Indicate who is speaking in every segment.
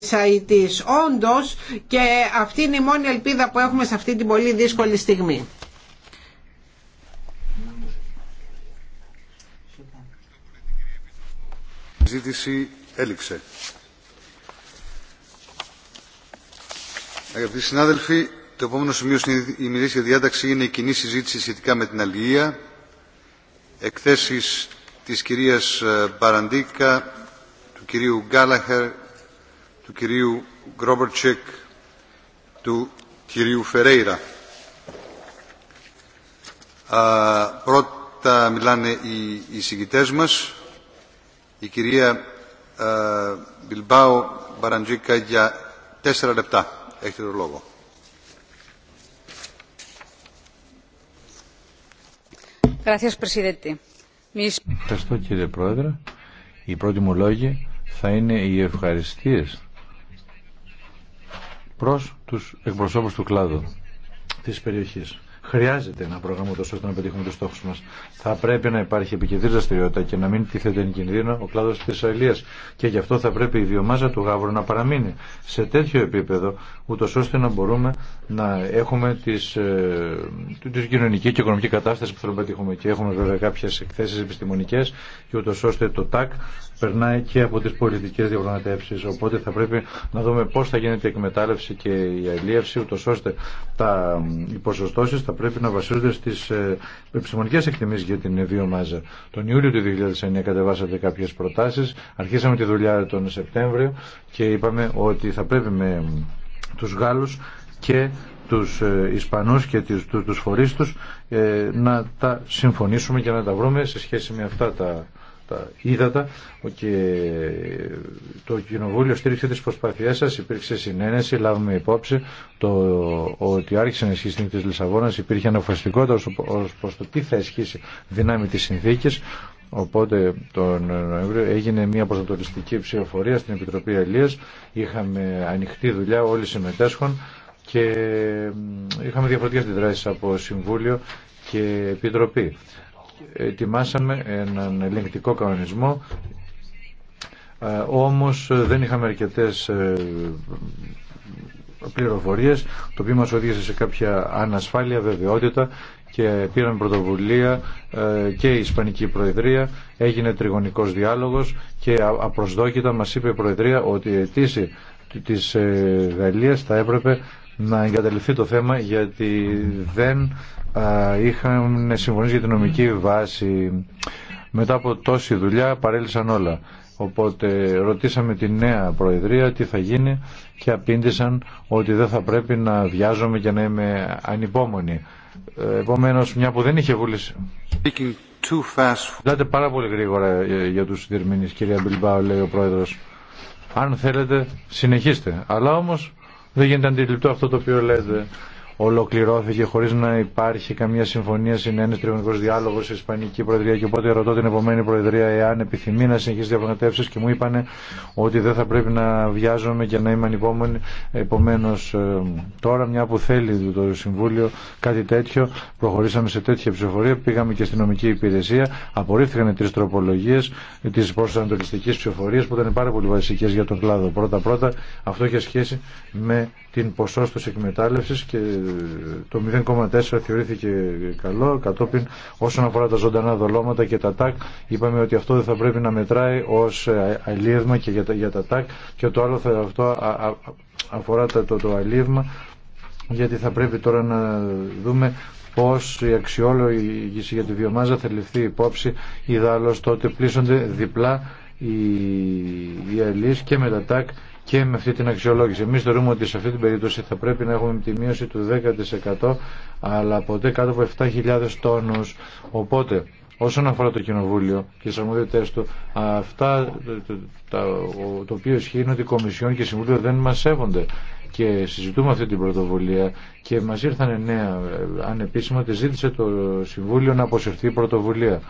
Speaker 1: Σαϊτής. Όντως και αυτή είναι η μόνη ελπίδα που έχουμε σε αυτή την πολύ δύσκολη στιγμή.
Speaker 2: Η συζήτηση έληξε. Αγαπητοί συνάδελφοι, το επόμενο σημείο στην ημερήσια διάταξη είναι η κοινή συζήτηση σχετικά με την αλληλεία, εκθέσεις της κυρίας ε, Μπαραντίκα, του κυρίου Γκάλαχερ του κυρίου Γκρόμπερτσικ, του κυρίου Φερέιρα. Πρώτα μιλάνε οι συγκητές μας. Η κυρία Μπιλμπάου Μπαραντζίκα για τέσσερα λεπτά. Έχετε το λόγο. Ευχαριστώ
Speaker 3: κύριε Πρόεδρε. Οι πρώτοι μου λόγοι θα είναι οι ευχαριστίες προς τους εκπροσώπους του κλάδου της περιοχής. Χρειάζεται ένα πρόγραμμα τόσο ώστε να πετύχουμε του στόχου μα. Θα πρέπει να υπάρχει επικεντρή δραστηριότητα και να μην τίθεται εν κινδύνο ο κλάδο τη αλληλεία. Και γι' αυτό θα πρέπει η βιομάζα του γάβρου να παραμείνει σε τέτοιο επίπεδο, ούτω ώστε να μπορούμε να έχουμε τις, ε, κοινωνική και οικονομική κατάσταση που θέλουμε να πετύχουμε. Και έχουμε βέβαια κάποιε εκθέσει επιστημονικέ, και ούτω ώστε το ΤΑΚ περνάει και από τι πολιτικέ διαπραγματεύσει. Οπότε θα πρέπει να δούμε πώ θα γίνεται η εκμετάλλευση και η αλλήλευση, ούτω ώστε τα, οι ποσοστώσει πρέπει να βασίζονται στι ε, επιστημονικέ εκτιμήσει για την βιομάζα. Τον Ιούλιο του 2009 κατεβάσατε κάποιε προτάσει. Αρχίσαμε τη δουλειά τον Σεπτέμβριο και είπαμε ότι θα πρέπει με του Γάλλου και τους ε, Ισπανούς και τους, τους, τους φορείς τους ε, να τα συμφωνήσουμε και να τα βρούμε σε σχέση με αυτά τα τα ύδατα και το Κοινοβούλιο στήριξε τι προσπαθειές σα υπήρξε συνένεση, λάβουμε υπόψη το ότι άρχισε να ισχύει συνήθεια της Λισαβόνας, υπήρχε αναφασιστικότητα ω προ το τι θα ισχύσει δυνάμει τη συνθήκης, Οπότε τον Νοέμβριο έγινε μια προστατοριστική ψηφοφορία στην Επιτροπή Αλίας. Είχαμε ανοιχτή δουλειά όλοι συμμετέσχον και είχαμε διαφορετικέ αντιδράσεις από Συμβούλιο και Επιτροπή ετοιμάσαμε έναν ελεγκτικό κανονισμό ε, όμως δεν είχαμε αρκετές ε, πληροφορίες το οποίο μας οδήγησε σε κάποια ανασφάλεια, βεβαιότητα και πήραμε πρωτοβουλία ε, και η Ισπανική Προεδρία έγινε τριγωνικός διάλογος και απροσδόκητα μας είπε η Προεδρία ότι η αιτήση της Γαλλίας θα έπρεπε να εγκαταλειφθεί το θέμα γιατί δεν είχαν συμφωνήσει για την νομική βάση. Μετά από τόση δουλειά παρέλυσαν όλα. Οπότε ρωτήσαμε τη νέα Προεδρία τι θα γίνει και απήντησαν ότι δεν θα πρέπει να βιάζομαι και να είμαι ανυπόμονη. Ε, επομένως, μια που δεν είχε βούληση. Λέτε πάρα πολύ γρήγορα ε, για τους διερμηνείς, κυρία Μπιλμπάου, λέει ο Πρόεδρος. Αν θέλετε, συνεχίστε. Αλλά όμως δεν γίνεται αντιληπτό αυτό το οποίο λέτε ολοκληρώθηκε χωρί να υπάρχει καμία συμφωνία, συνένεση, τριγωνικό διάλογο σε Ισπανική Προεδρία. Και οπότε ρωτώ την επομένη Προεδρία εάν επιθυμεί να συνεχίσει διαπραγματεύσει και μου είπαν ότι δεν θα πρέπει να βιάζομαι και να είμαι ανυπόμονη. Επομένω, ε, τώρα μια που θέλει το Συμβούλιο κάτι τέτοιο, προχωρήσαμε σε τέτοια ψηφοφορία, πήγαμε και στην νομική υπηρεσία, απορρίφθηκαν τρει τροπολογίε τη προσανατολιστική ψηφοφορία που ήταν πάρα πολύ βασικέ για τον κλάδο. Πρώτα-πρώτα, αυτό έχει σχέση με την ποσόστοση εκμετάλλευση και το 0,4 θεωρήθηκε καλό κατόπιν όσον αφορά τα ζωντανά δολώματα και τα τάκ είπαμε ότι αυτό δεν θα πρέπει να μετράει ως αλίευμα και για τα, για τα τάκ και το άλλο θα, αυτό αφορά το, το, το αλίευμα γιατί θα πρέπει τώρα να δούμε πως η αξιόλογηση για τη βιομάζα θα ληφθεί υπόψη ή τότε πλήσονται διπλά οι, οι αλίες και με τα τάκ και με αυτή την αξιολόγηση. Εμεί θεωρούμε ότι σε αυτή την περίπτωση θα πρέπει να έχουμε τη μείωση του 10% αλλά ποτέ κάτω από 7.000 τόνου. Οπότε, όσον αφορά το Κοινοβούλιο και τι αρμοδιότητέ του, αυτά το οποίο ισχύει είναι ότι οι Κομισιόν και οι Συμβούλιο δεν μα σέβονται. Και συζητούμε αυτή την πρωτοβουλία και μα ήρθαν νέα ανεπίσημα ότι ζήτησε το Συμβούλιο να αποσυρθεί η πρωτοβουλία.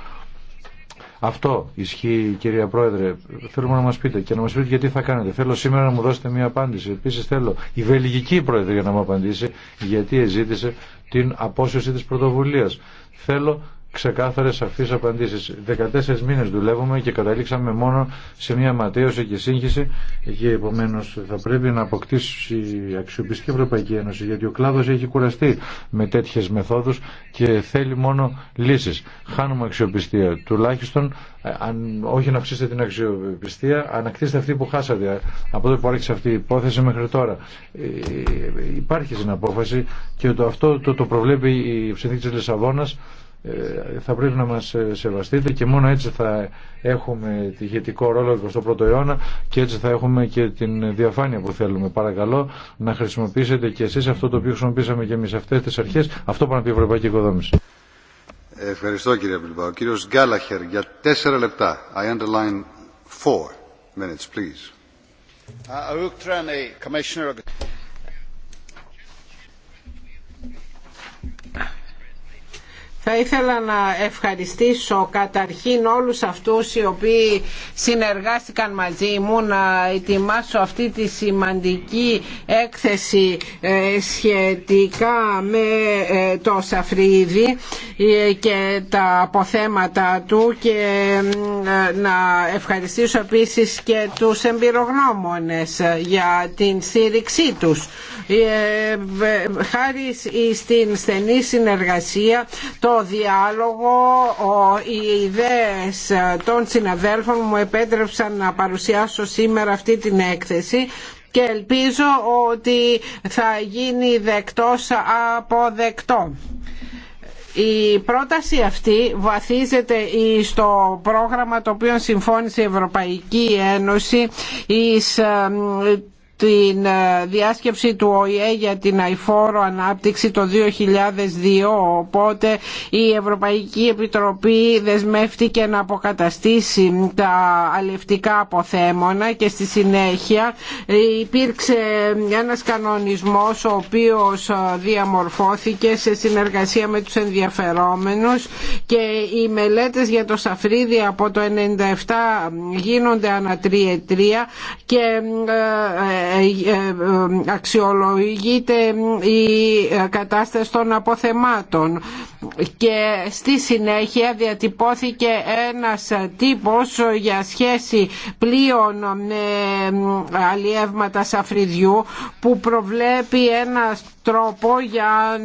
Speaker 3: Αυτό ισχύει κυρία Πρόεδρε. Θέλουμε να μας πείτε και να μα πείτε γιατί θα κάνετε. Θέλω σήμερα να μου δώσετε μια απάντηση. Επίση, θέλω η Βελγική Πρόεδρε να μου απαντήσει γιατί εζήτησε την απόσυρση της πρωτοβουλίας. Θέλω ξεκάθαρες σαφείς απαντήσει. 14 μήνε δουλεύουμε και καταλήξαμε μόνο σε μια ματέωση και σύγχυση και επομένω θα πρέπει να αποκτήσει η αξιοπιστική Ευρωπαϊκή Ένωση γιατί ο κλάδο έχει κουραστεί με τέτοιε μεθόδου και θέλει μόνο λύσει. Χάνουμε αξιοπιστία. Τουλάχιστον ε, αν, όχι να αυξήσετε την αξιοπιστία, ανακτήστε αυτή που χάσατε ε, από τότε που άρχισε αυτή η υπόθεση μέχρι τώρα. Ε, υπάρχει στην απόφαση και το, αυτό το, το προβλέπει η ψηφιακή τη Λισαβόνα. Ε, θα πρέπει να μας ε, σεβαστείτε και μόνο έτσι θα έχουμε τη ηγετικό ρόλο 21ο αιώνα και έτσι θα έχουμε και την διαφάνεια που θέλουμε. Παρακαλώ να χρησιμοποιήσετε και εσείς αυτό το οποίο χρησιμοποιήσαμε και εμείς αυτές τις αρχές. Αυτό πάνω από την Ευρωπαϊκή Οικοδόμηση.
Speaker 2: Ευχαριστώ κύριε Ο Κύριος Γκάλαχερ για τέσσερα λεπτά. I underline four minutes please. Uh, commissioner...
Speaker 1: Θα ήθελα να ευχαριστήσω καταρχήν όλους αυτούς οι οποίοι συνεργάστηκαν μαζί μου να ετοιμάσω αυτή τη σημαντική έκθεση ε, σχετικά με ε, το Σαφρίδι ε, και τα αποθέματα του και να ευχαριστήσω επίσης και τους εμπειρογνώμονες για την στήριξή τους. Χάρη στην στενή συνεργασία το διάλογο οι ιδέες των συναδέλφων μου επέτρεψαν να παρουσιάσω σήμερα αυτή την έκθεση και ελπίζω ότι θα γίνει δεκτός αποδεκτό. Η πρόταση αυτή βαθίζεται στο πρόγραμμα το οποίο συμφώνησε η Ευρωπαϊκή Ένωση εις την ε, διάσκεψη του ΟΗΕ για την αηφόρο ανάπτυξη το 2002 οπότε η Ευρωπαϊκή Επιτροπή δεσμεύτηκε να αποκαταστήσει τα αλευτικά αποθέμωνα και στη συνέχεια ε, υπήρξε ένας κανονισμός ο οποίος ε, διαμορφώθηκε σε συνεργασία με τους ενδιαφερόμενους και οι μελέτες για το Σαφρίδι από το 1997 γίνονται ανατριετρία και αξιολογείται η κατάσταση των αποθεμάτων και στη συνέχεια διατυπώθηκε ένας τύπος για σχέση πλοίων με αλλιεύματα σαφριδιού που προβλέπει ένα τρόπο για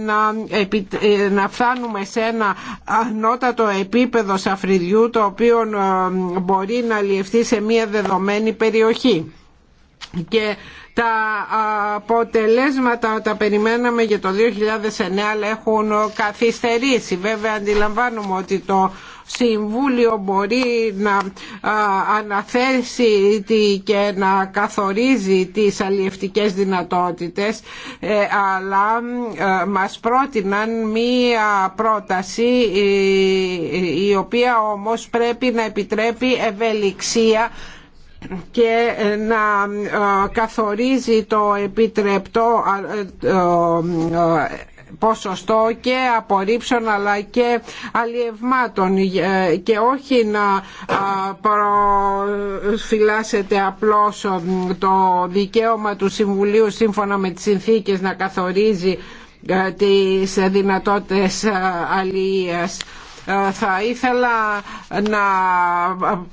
Speaker 1: να, φτάνουμε σε ένα ανώτατο επίπεδο σαφριδιού το οποίο ε, μπορεί να αλλιευτεί σε μια δεδομένη περιοχή και τα αποτελέσματα τα περιμέναμε για το 2009 αλλά έχουν καθυστερήσει. Βέβαια αντιλαμβάνομαι ότι το Συμβούλιο μπορεί να αναθέσει και να καθορίζει τις αλλιευτικές δυνατότητες ε, αλλά ε, μας πρότειναν μία πρόταση ε, η οποία όμως πρέπει να επιτρέπει ευελιξία και ε, να ε, καθορίζει το επιτρεπτό ε, ποσοστό και απορρίψεων αλλά και αλλιευμάτων και όχι να προφυλάσσεται απλώς το δικαίωμα του Συμβουλίου σύμφωνα με τις συνθήκες να καθορίζει τις δυνατότητες αλλιείας. Ε, θα ήθελα να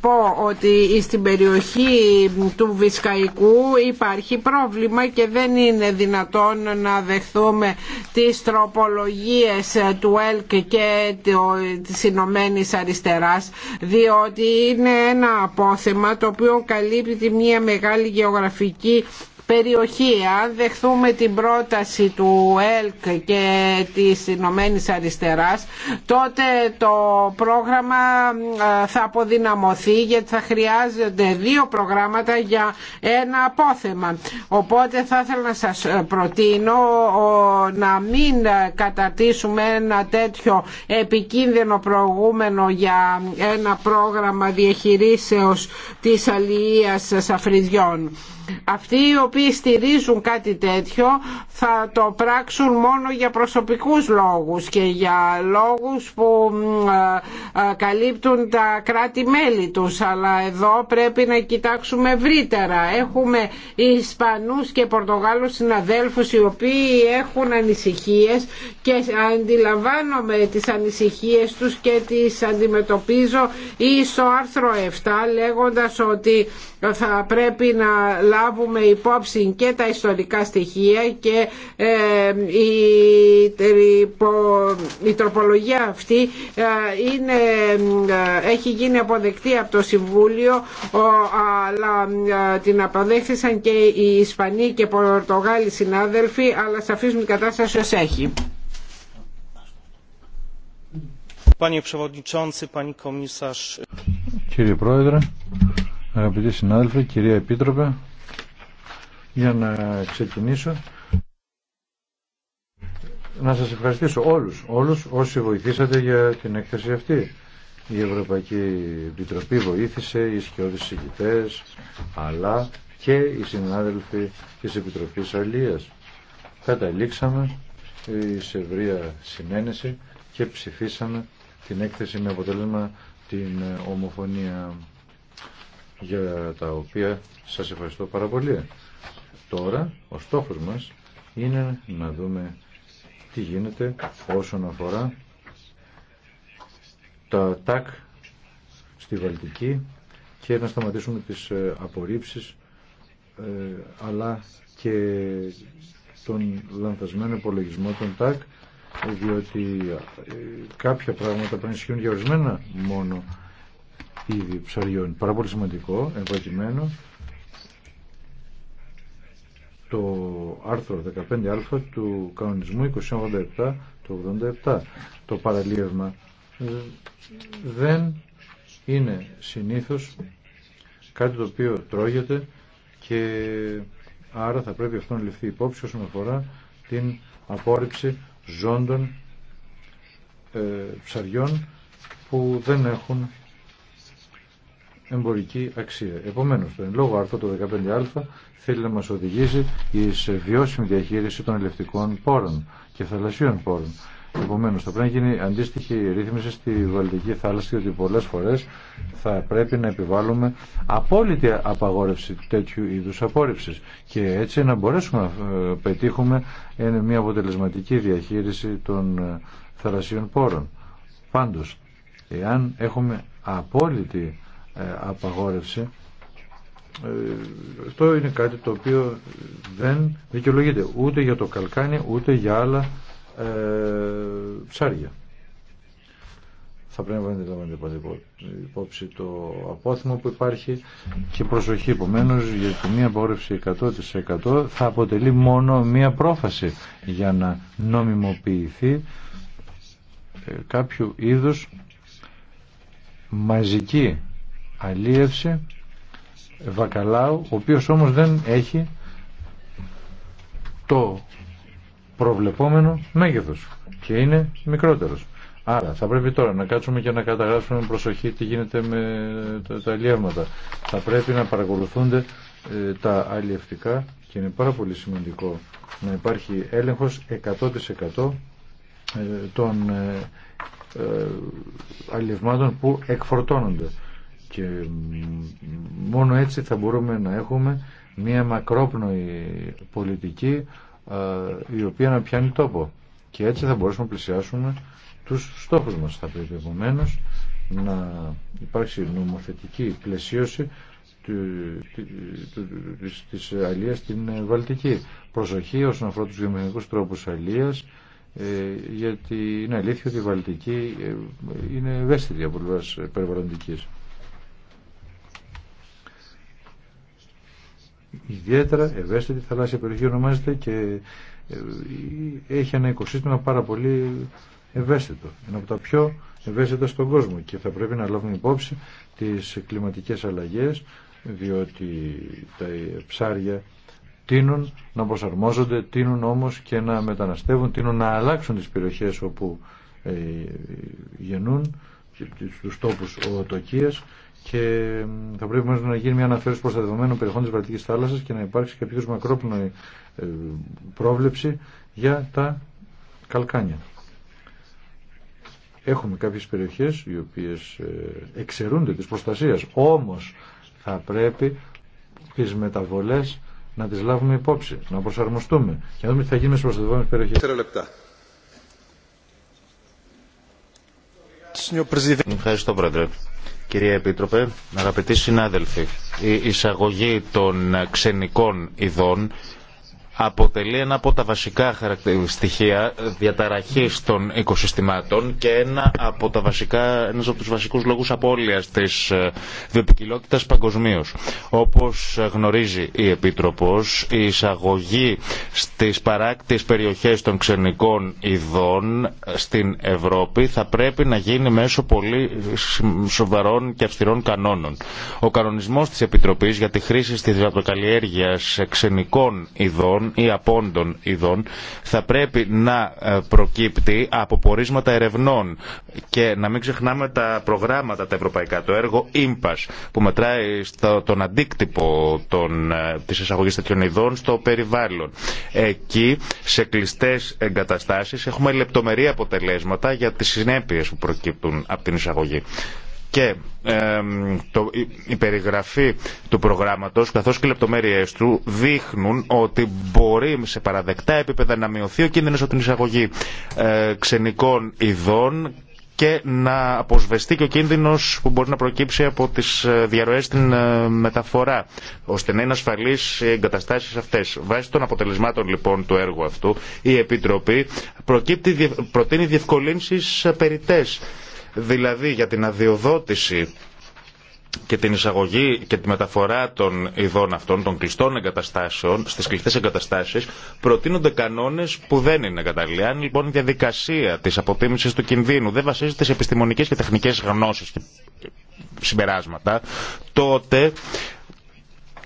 Speaker 1: πω ότι στην περιοχή του Βισκαϊκού υπάρχει πρόβλημα και δεν είναι δυνατόν να δεχθούμε τις τροπολογίες του ΕΛΚ και της Ηνωμένη Αριστεράς διότι είναι ένα απόθεμα το οποίο καλύπτει μια μεγάλη γεωγραφική περιοχή. Αν δεχθούμε την πρόταση του ΕΛΚ και της Ηνωμένης Αριστεράς, τότε το πρόγραμμα ε, θα αποδυναμωθεί γιατί θα χρειάζονται δύο προγράμματα για ένα απόθεμα. Οπότε θα ήθελα να σας ε, προτείνω να μην καταρτήσουμε ένα τέτοιο επικίνδυνο προηγούμενο για ένα πρόγραμμα διαχειρίσεως της αλληλείας σαφριδιών. Αυτοί οι οποίοι στηρίζουν κάτι τέτοιο θα το πράξουν μόνο για προσωπικούς λόγους και για λόγους που ε, ε, καλύπτουν τα κράτη-μέλη τους. Αλλά εδώ πρέπει να κοιτάξουμε ευρύτερα. Έχουμε Ισπανούς και Πορτογάλους συναδέλφους οι οποίοι έχουν ανησυχίες και αντιλαμβάνομαι τις ανησυχίες τους και τις αντιμετωπίζω ή στο άρθρο 7 λέγοντας ότι θα πρέπει να λάβουμε υπόψη και τα ιστορικά στοιχεία και ε, η τροπολογία αυτή ε, είναι, ε, έχει γίνει αποδεκτή από το Συμβούλιο αλλά την αποδέχθησαν και οι Ισπανοί και Πορτογάλοι συνάδελφοι αλλά σε αφήσουμε την κατάσταση ως έχει. Κύριε
Speaker 3: Πρόεδρε, αγαπητοί συνάδελφοι, κυρία Επίτροπε, για να ξεκινήσω να σας ευχαριστήσω όλους, όλους όσοι βοηθήσατε για την έκθεση αυτή. Η Ευρωπαϊκή Επιτροπή βοήθησε, οι σκιώδεις συγκητές, αλλά και οι συνάδελφοι της Επιτροπής Αλίας. Καταλήξαμε ε, σε ευρεία συνένεση και ψηφίσαμε την έκθεση με αποτέλεσμα την ε, ομοφωνία για τα οποία σας ευχαριστώ πάρα πολύ. Τώρα ο στόχος μας είναι να δούμε τι γίνεται όσον αφορά τα ΤΑΚ στη Βαλτική και να σταματήσουμε τις ε, απορρίψεις ε, αλλά και τον λανθασμένο υπολογισμό των ΤΑΚ διότι ε, κάποια πράγματα πρέπει να ισχύουν για ορισμένα μόνο είδη ψαριών. Πάρα πολύ σημαντικό, το άρθρο 15α του κανονισμού 2087 του 87. Το παραλίευμα δεν είναι συνήθως κάτι το οποίο τρώγεται και άρα θα πρέπει αυτό να ληφθεί υπόψη όσον αφορά την απόρριψη ζώντων ε, ψαριών που δεν έχουν εμπορική αξία. Επομένω, το εν λόγω άρθρο το 15α θέλει να μα οδηγήσει σε βιώσιμη διαχείριση των ελευτικών πόρων και θαλασσίων πόρων. Επομένω, θα πρέπει να γίνει αντίστοιχη ρύθμιση στη Βαλτική θάλασσα, διότι πολλέ φορέ θα πρέπει να επιβάλλουμε απόλυτη απαγόρευση τέτοιου είδου απόρριψη. Και έτσι να μπορέσουμε να ε, πετύχουμε μια αποτελεσματική διαχείριση των ε, θαλασσίων πόρων. Πάντω, εάν έχουμε απόλυτη ε, απαγόρευσε αυτό είναι κάτι το οποίο δεν δικαιολογείται ούτε για το καλκάνι ούτε για άλλα ε, ψάρια. Θα πρέπει να λαμβάνετε υπόψη το απόθυμο που υπάρχει και προσοχή επομένω γιατί μία απαγόρευση 100% θα αποτελεί μόνο μία πρόφαση για να νομιμοποιηθεί ε, κάποιο είδους μαζική αλίευση βακαλάου, ο οποίος όμως δεν έχει το προβλεπόμενο μέγεθος και είναι μικρότερος. Άρα θα πρέπει τώρα να κάτσουμε και να καταγράψουμε προσοχή τι γίνεται με τα αλίευματα. Θα πρέπει να παρακολουθούνται ε, τα αλίευτικά και είναι πάρα πολύ σημαντικό να υπάρχει έλεγχος 100% ε, των ε, αλλιευμάτων που εκφορτώνονται και μόνο έτσι θα μπορούμε να έχουμε μια μακρόπνοη πολιτική η οποία να πιάνει τόπο και έτσι θα μπορέσουμε να πλησιάσουμε τους στόχους μας. Θα πρέπει επομένω να υπάρξει νομοθετική πλαισίωση της αλίας στην Βαλτική. Προσοχή όσον αφορά τους βιομηχανικούς τρόπους αλίας ε, γιατί είναι αλήθεια ότι η Βαλτική ε, είναι ευαίσθητη από πλευράς περιβαλλοντική. ιδιαίτερα ευαίσθητη θαλάσσια περιοχή ονομάζεται και ε, έχει ένα οικοσύστημα πάρα πολύ ευαίσθητο. Είναι από τα πιο ευαίσθητα στον κόσμο και θα πρέπει να λάβουμε υπόψη τις κλιματικές αλλαγές διότι τα ψάρια τείνουν να προσαρμόζονται, τείνουν όμως και να μεταναστεύουν, τείνουν να αλλάξουν τις περιοχές όπου ε, γεννούν, στους τόπους οτοκίας και θα πρέπει μέσα να γίνει μια αναφέρωση προστατευμένων περιοχών της Βαλτικής θάλασσας και να υπάρξει κάποιος μακρόπνοη ε, πρόβλεψη για τα καλκάνια. Έχουμε κάποιες περιοχές οι οποίες ε, εξαιρούνται της προστασίας, όμως θα πρέπει τις μεταβολές να τις λάβουμε υπόψη, να προσαρμοστούμε και να δούμε τι θα γίνει με τις προστατευόμενες περιοχές.
Speaker 4: Ευχαριστώ, Πρόεδρε. Κυρία Επίτροπε, αγαπητοί συνάδελφοι, η εισαγωγή των ξενικών ειδών αποτελεί ένα από τα βασικά στοιχεία διαταραχή των οικοσυστημάτων και ένα από τα βασικά, ένας από τους βασικούς λόγους απώλειας της ε, βιοποικιλότητας παγκοσμίω. Όπως γνωρίζει η Επίτροπος, η εισαγωγή στις παράκτης περιοχές των ξενικών ειδών ε, στην Ευρώπη θα πρέπει να γίνει μέσω πολύ σοβαρών και αυστηρών κανόνων. Ο κανονισμός της Επιτροπής για τη χρήση της διδατοκαλλιέργειας ξενικών ειδών ή απόντων ειδών θα πρέπει να ε, προκύπτει από πορίσματα ερευνών και να μην ξεχνάμε τα προγράμματα τα ευρωπαϊκά, το έργο ΙΜΠΑΣ που μετράει στο, τον αντίκτυπο των, ε, της εισαγωγής τέτοιων ειδών στο περιβάλλον. Εκεί σε κλειστές εγκαταστάσεις έχουμε λεπτομερή αποτελέσματα για τις συνέπειες που προκύπτουν από την εισαγωγή και η, περιγραφή του προγράμματος καθώς και οι λεπτομέρειές του δείχνουν ότι μπορεί σε παραδεκτά επίπεδα να μειωθεί ο κίνδυνος από την εισαγωγή ε, ξενικών ειδών και να αποσβεστεί και ο κίνδυνος που μπορεί να προκύψει από τις ε, διαρροές στην ε, μεταφορά, ώστε να είναι ασφαλείς οι εγκαταστάσεις αυτές. Βάσει των αποτελεσμάτων λοιπόν του έργου αυτού, η Επιτροπή προτείνει διευκολύνσεις περιτές δηλαδή για την αδειοδότηση και την εισαγωγή και τη μεταφορά των ειδών αυτών, των κλειστών εγκαταστάσεων, στις κλειστέ εγκαταστάσεις, προτείνονται κανόνες που δεν είναι κατάλληλοι. Αν λοιπόν η διαδικασία της αποτίμησης του κινδύνου δεν βασίζεται σε επιστημονικές και τεχνικές γνώσεις και συμπεράσματα, τότε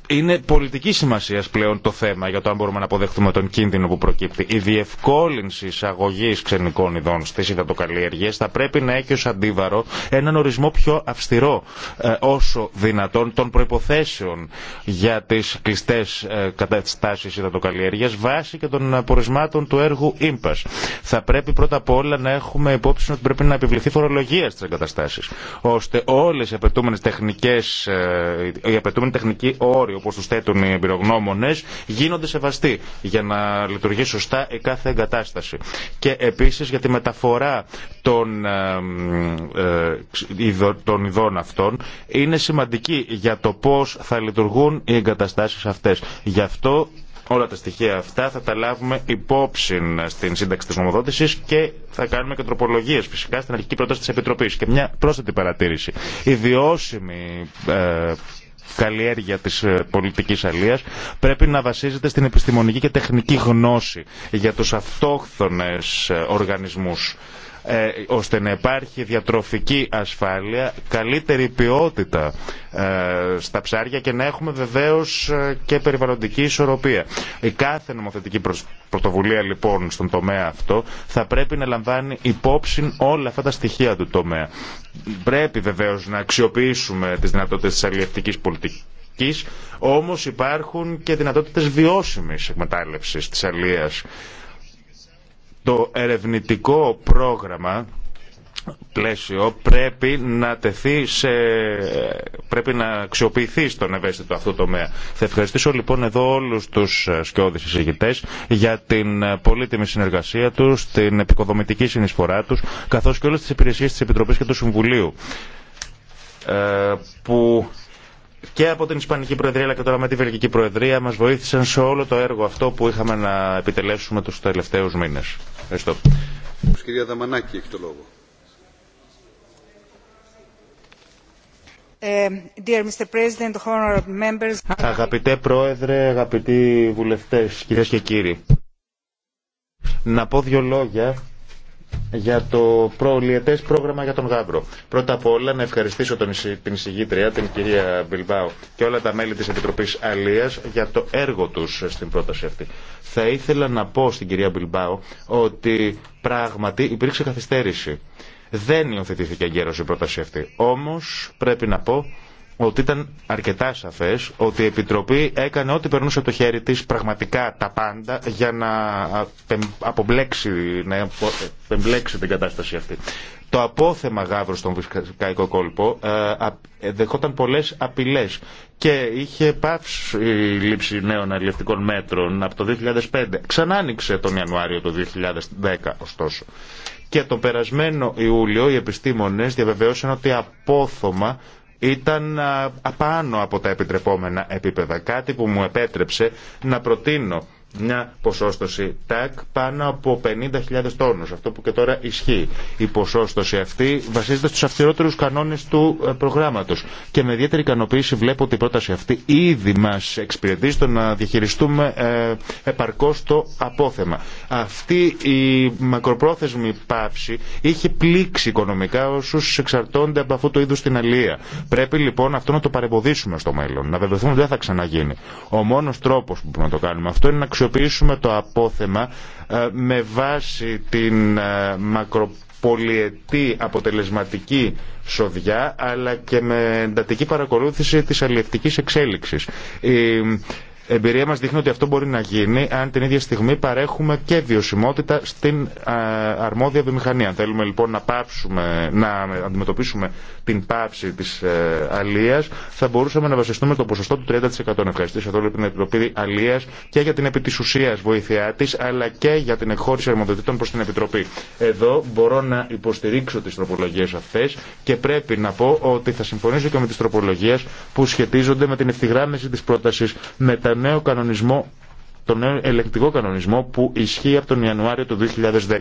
Speaker 4: είναι πολιτική σημασία πλέον το θέμα για το αν μπορούμε να αποδεχτούμε τον κίνδυνο που προκύπτει. Η διευκόλυνση εισαγωγή ξενικών ειδών στι υδατοκαλλιέργειε θα πρέπει να έχει ω αντίβαρο έναν ορισμό πιο αυστηρό ε, όσο δυνατόν των προποθέσεων για τι κλειστέ ε, καταστάσει υδατοκαλλιέργεια βάσει και των απορισμάτων του έργου ΙΜΠΑ. Θα πρέπει πρώτα απ' όλα να έχουμε υπόψη ότι πρέπει να επιβληθεί φορολογία στι εγκαταστάσει ώστε όλε οι απαιτούμενε τεχνικέ, ε, οι απαιτούμενοι όροι όπως τους θέτουν οι εμπειρογνώμονε, γίνονται σεβαστοί για να λειτουργεί σωστά η κάθε εγκατάσταση. Και επίσης για τη μεταφορά των, ε, ε, των ειδών αυτών είναι σημαντική για το πώς θα λειτουργούν οι εγκαταστάσει αυτές. Γι' αυτό όλα τα στοιχεία αυτά θα τα λάβουμε υπόψη στην σύνταξη της νομοδότησης και θα κάνουμε και τροπολογίες φυσικά στην αρχική πρόταση της Επιτροπής. Και μια πρόσθετη παρατήρηση. Η βιώσιμη ε, καλλιέργεια της ε, πολιτικής αλίας πρέπει να βασίζεται στην επιστημονική και τεχνική γνώση για τους αυτόχθονες ε, οργανισμούς ε, ώστε να υπάρχει διατροφική ασφάλεια, καλύτερη ποιότητα ε, στα ψάρια και να έχουμε βεβαίω ε, και περιβαλλοντική ισορροπία. Η κάθε νομοθετική πρωτοβουλία λοιπόν στον τομέα αυτό θα πρέπει να λαμβάνει υπόψη όλα αυτά τα στοιχεία του τομέα. Πρέπει βεβαίω να αξιοποιήσουμε τι δυνατότητε τη αλληλευτική πολιτική όμως υπάρχουν και δυνατότητες βιώσιμης εκμετάλλευσης της αλίας. Το ερευνητικό πρόγραμμα πλαίσιο πρέπει να τεθεί σε... πρέπει να αξιοποιηθεί στον ευαίσθητο αυτό τομέα. Θα ευχαριστήσω λοιπόν εδώ όλους τους σκιώδεις εισηγητές για την πολύτιμη συνεργασία τους, την επικοδομητική συνεισφορά τους, καθώς και όλες τις υπηρεσίες της Επιτροπής και του Συμβουλίου ε, που και από την Ισπανική Προεδρία αλλά και τώρα με τη Βελγική Προεδρία μας βοήθησαν σε όλο το έργο αυτό που είχαμε να επιτελέσουμε τους τελευταίους μήνες. Ευχαριστώ.
Speaker 2: Κυρία Δαμανάκη, έχει το λόγο.
Speaker 5: Ε,
Speaker 1: dear Mr. President, members.
Speaker 4: Αγαπητέ Πρόεδρε, αγαπητοί βουλευτές, κυρίες και κύριοι. Να πω δύο λόγια για το προολιετές πρόγραμμα για τον Γάβρο. Πρώτα απ' όλα να ευχαριστήσω τον, την εισηγήτρια, την κυρία Μπιλμπάου και όλα τα μέλη της Επιτροπής Αλίας για το έργο τους στην πρόταση αυτή. Θα ήθελα να πω στην κυρία Μπιλμπάου ότι πράγματι υπήρξε καθυστέρηση. Δεν υιοθετήθηκε γέρος η πρόταση αυτή. Όμως πρέπει να πω ότι ήταν αρκετά σαφέ ότι η Επιτροπή έκανε ό,τι περνούσε το χέρι τη πραγματικά τα πάντα για να απομπλέξει, να την κατάσταση αυτή. Το απόθεμα γάβρου στον Βυσκαϊκό κόλπο ε, δεχόταν πολλέ απειλέ και είχε πάψει η λήψη νέων αλληλευτικών μέτρων από το 2005. Ξανά άνοιξε τον Ιανουάριο του 2010, ωστόσο. Και τον περασμένο Ιούλιο οι επιστήμονε διαβεβαίωσαν ότι απόθωμα ήταν απάνω από τα επιτρεπόμενα επίπεδα. Κάτι που μου επέτρεψε να προτείνω μια ποσόστοση τάκ πάνω από 50.000 τόνους, αυτό που και τώρα ισχύει. Η ποσόστοση αυτή βασίζεται στους αυστηρότερους κανόνες του ε, προγράμματος και με ιδιαίτερη ικανοποίηση βλέπω ότι η πρόταση αυτή ήδη μας εξυπηρετεί στο να διαχειριστούμε ε, επαρκώς το απόθεμα. Αυτή η μακροπρόθεσμη πάυση είχε πλήξει οικονομικά όσους εξαρτώνται από αυτού του είδους την αλληλεία. Πρέπει λοιπόν αυτό να το παρεμποδίσουμε στο μέλλον, να βεβαιωθούμε ότι δεν θα ξαναγίνει. Ο μόνος τρόπος που να το κάνουμε αυτό είναι να αξιοποιήσουμε το απόθεμα ε, με βάση την ε, μακροπολιετή αποτελεσματική σοδιά αλλά και με εντατική παρακολούθηση της αλληλευτικής εξέλιξης εμπειρία μας δείχνει ότι αυτό μπορεί να γίνει αν την ίδια στιγμή παρέχουμε και βιωσιμότητα στην αρμόδια βιομηχανία. Αν Θέλουμε λοιπόν να, πάψουμε, να αντιμετωπίσουμε την πάψη της ε, αλίας, θα μπορούσαμε να βασιστούμε το ποσοστό του 30%. Να ευχαριστήσω εδώ λοιπόν, την Επιτροπή Αλίας και για την επί της ουσίας βοήθειά της, αλλά και για την εκχώρηση αρμοδιοτήτων προς την Επιτροπή. Εδώ μπορώ να υποστηρίξω τις τροπολογίες αυτές και πρέπει να πω ότι θα συμφωνήσω και με τις τροπολογίες που σχετίζονται με την ευθυγράμμιση της πρότασης με νέο κανονισμό, τον νέο ελεκτικό κανονισμό που ισχύει από τον Ιανουάριο του 2010.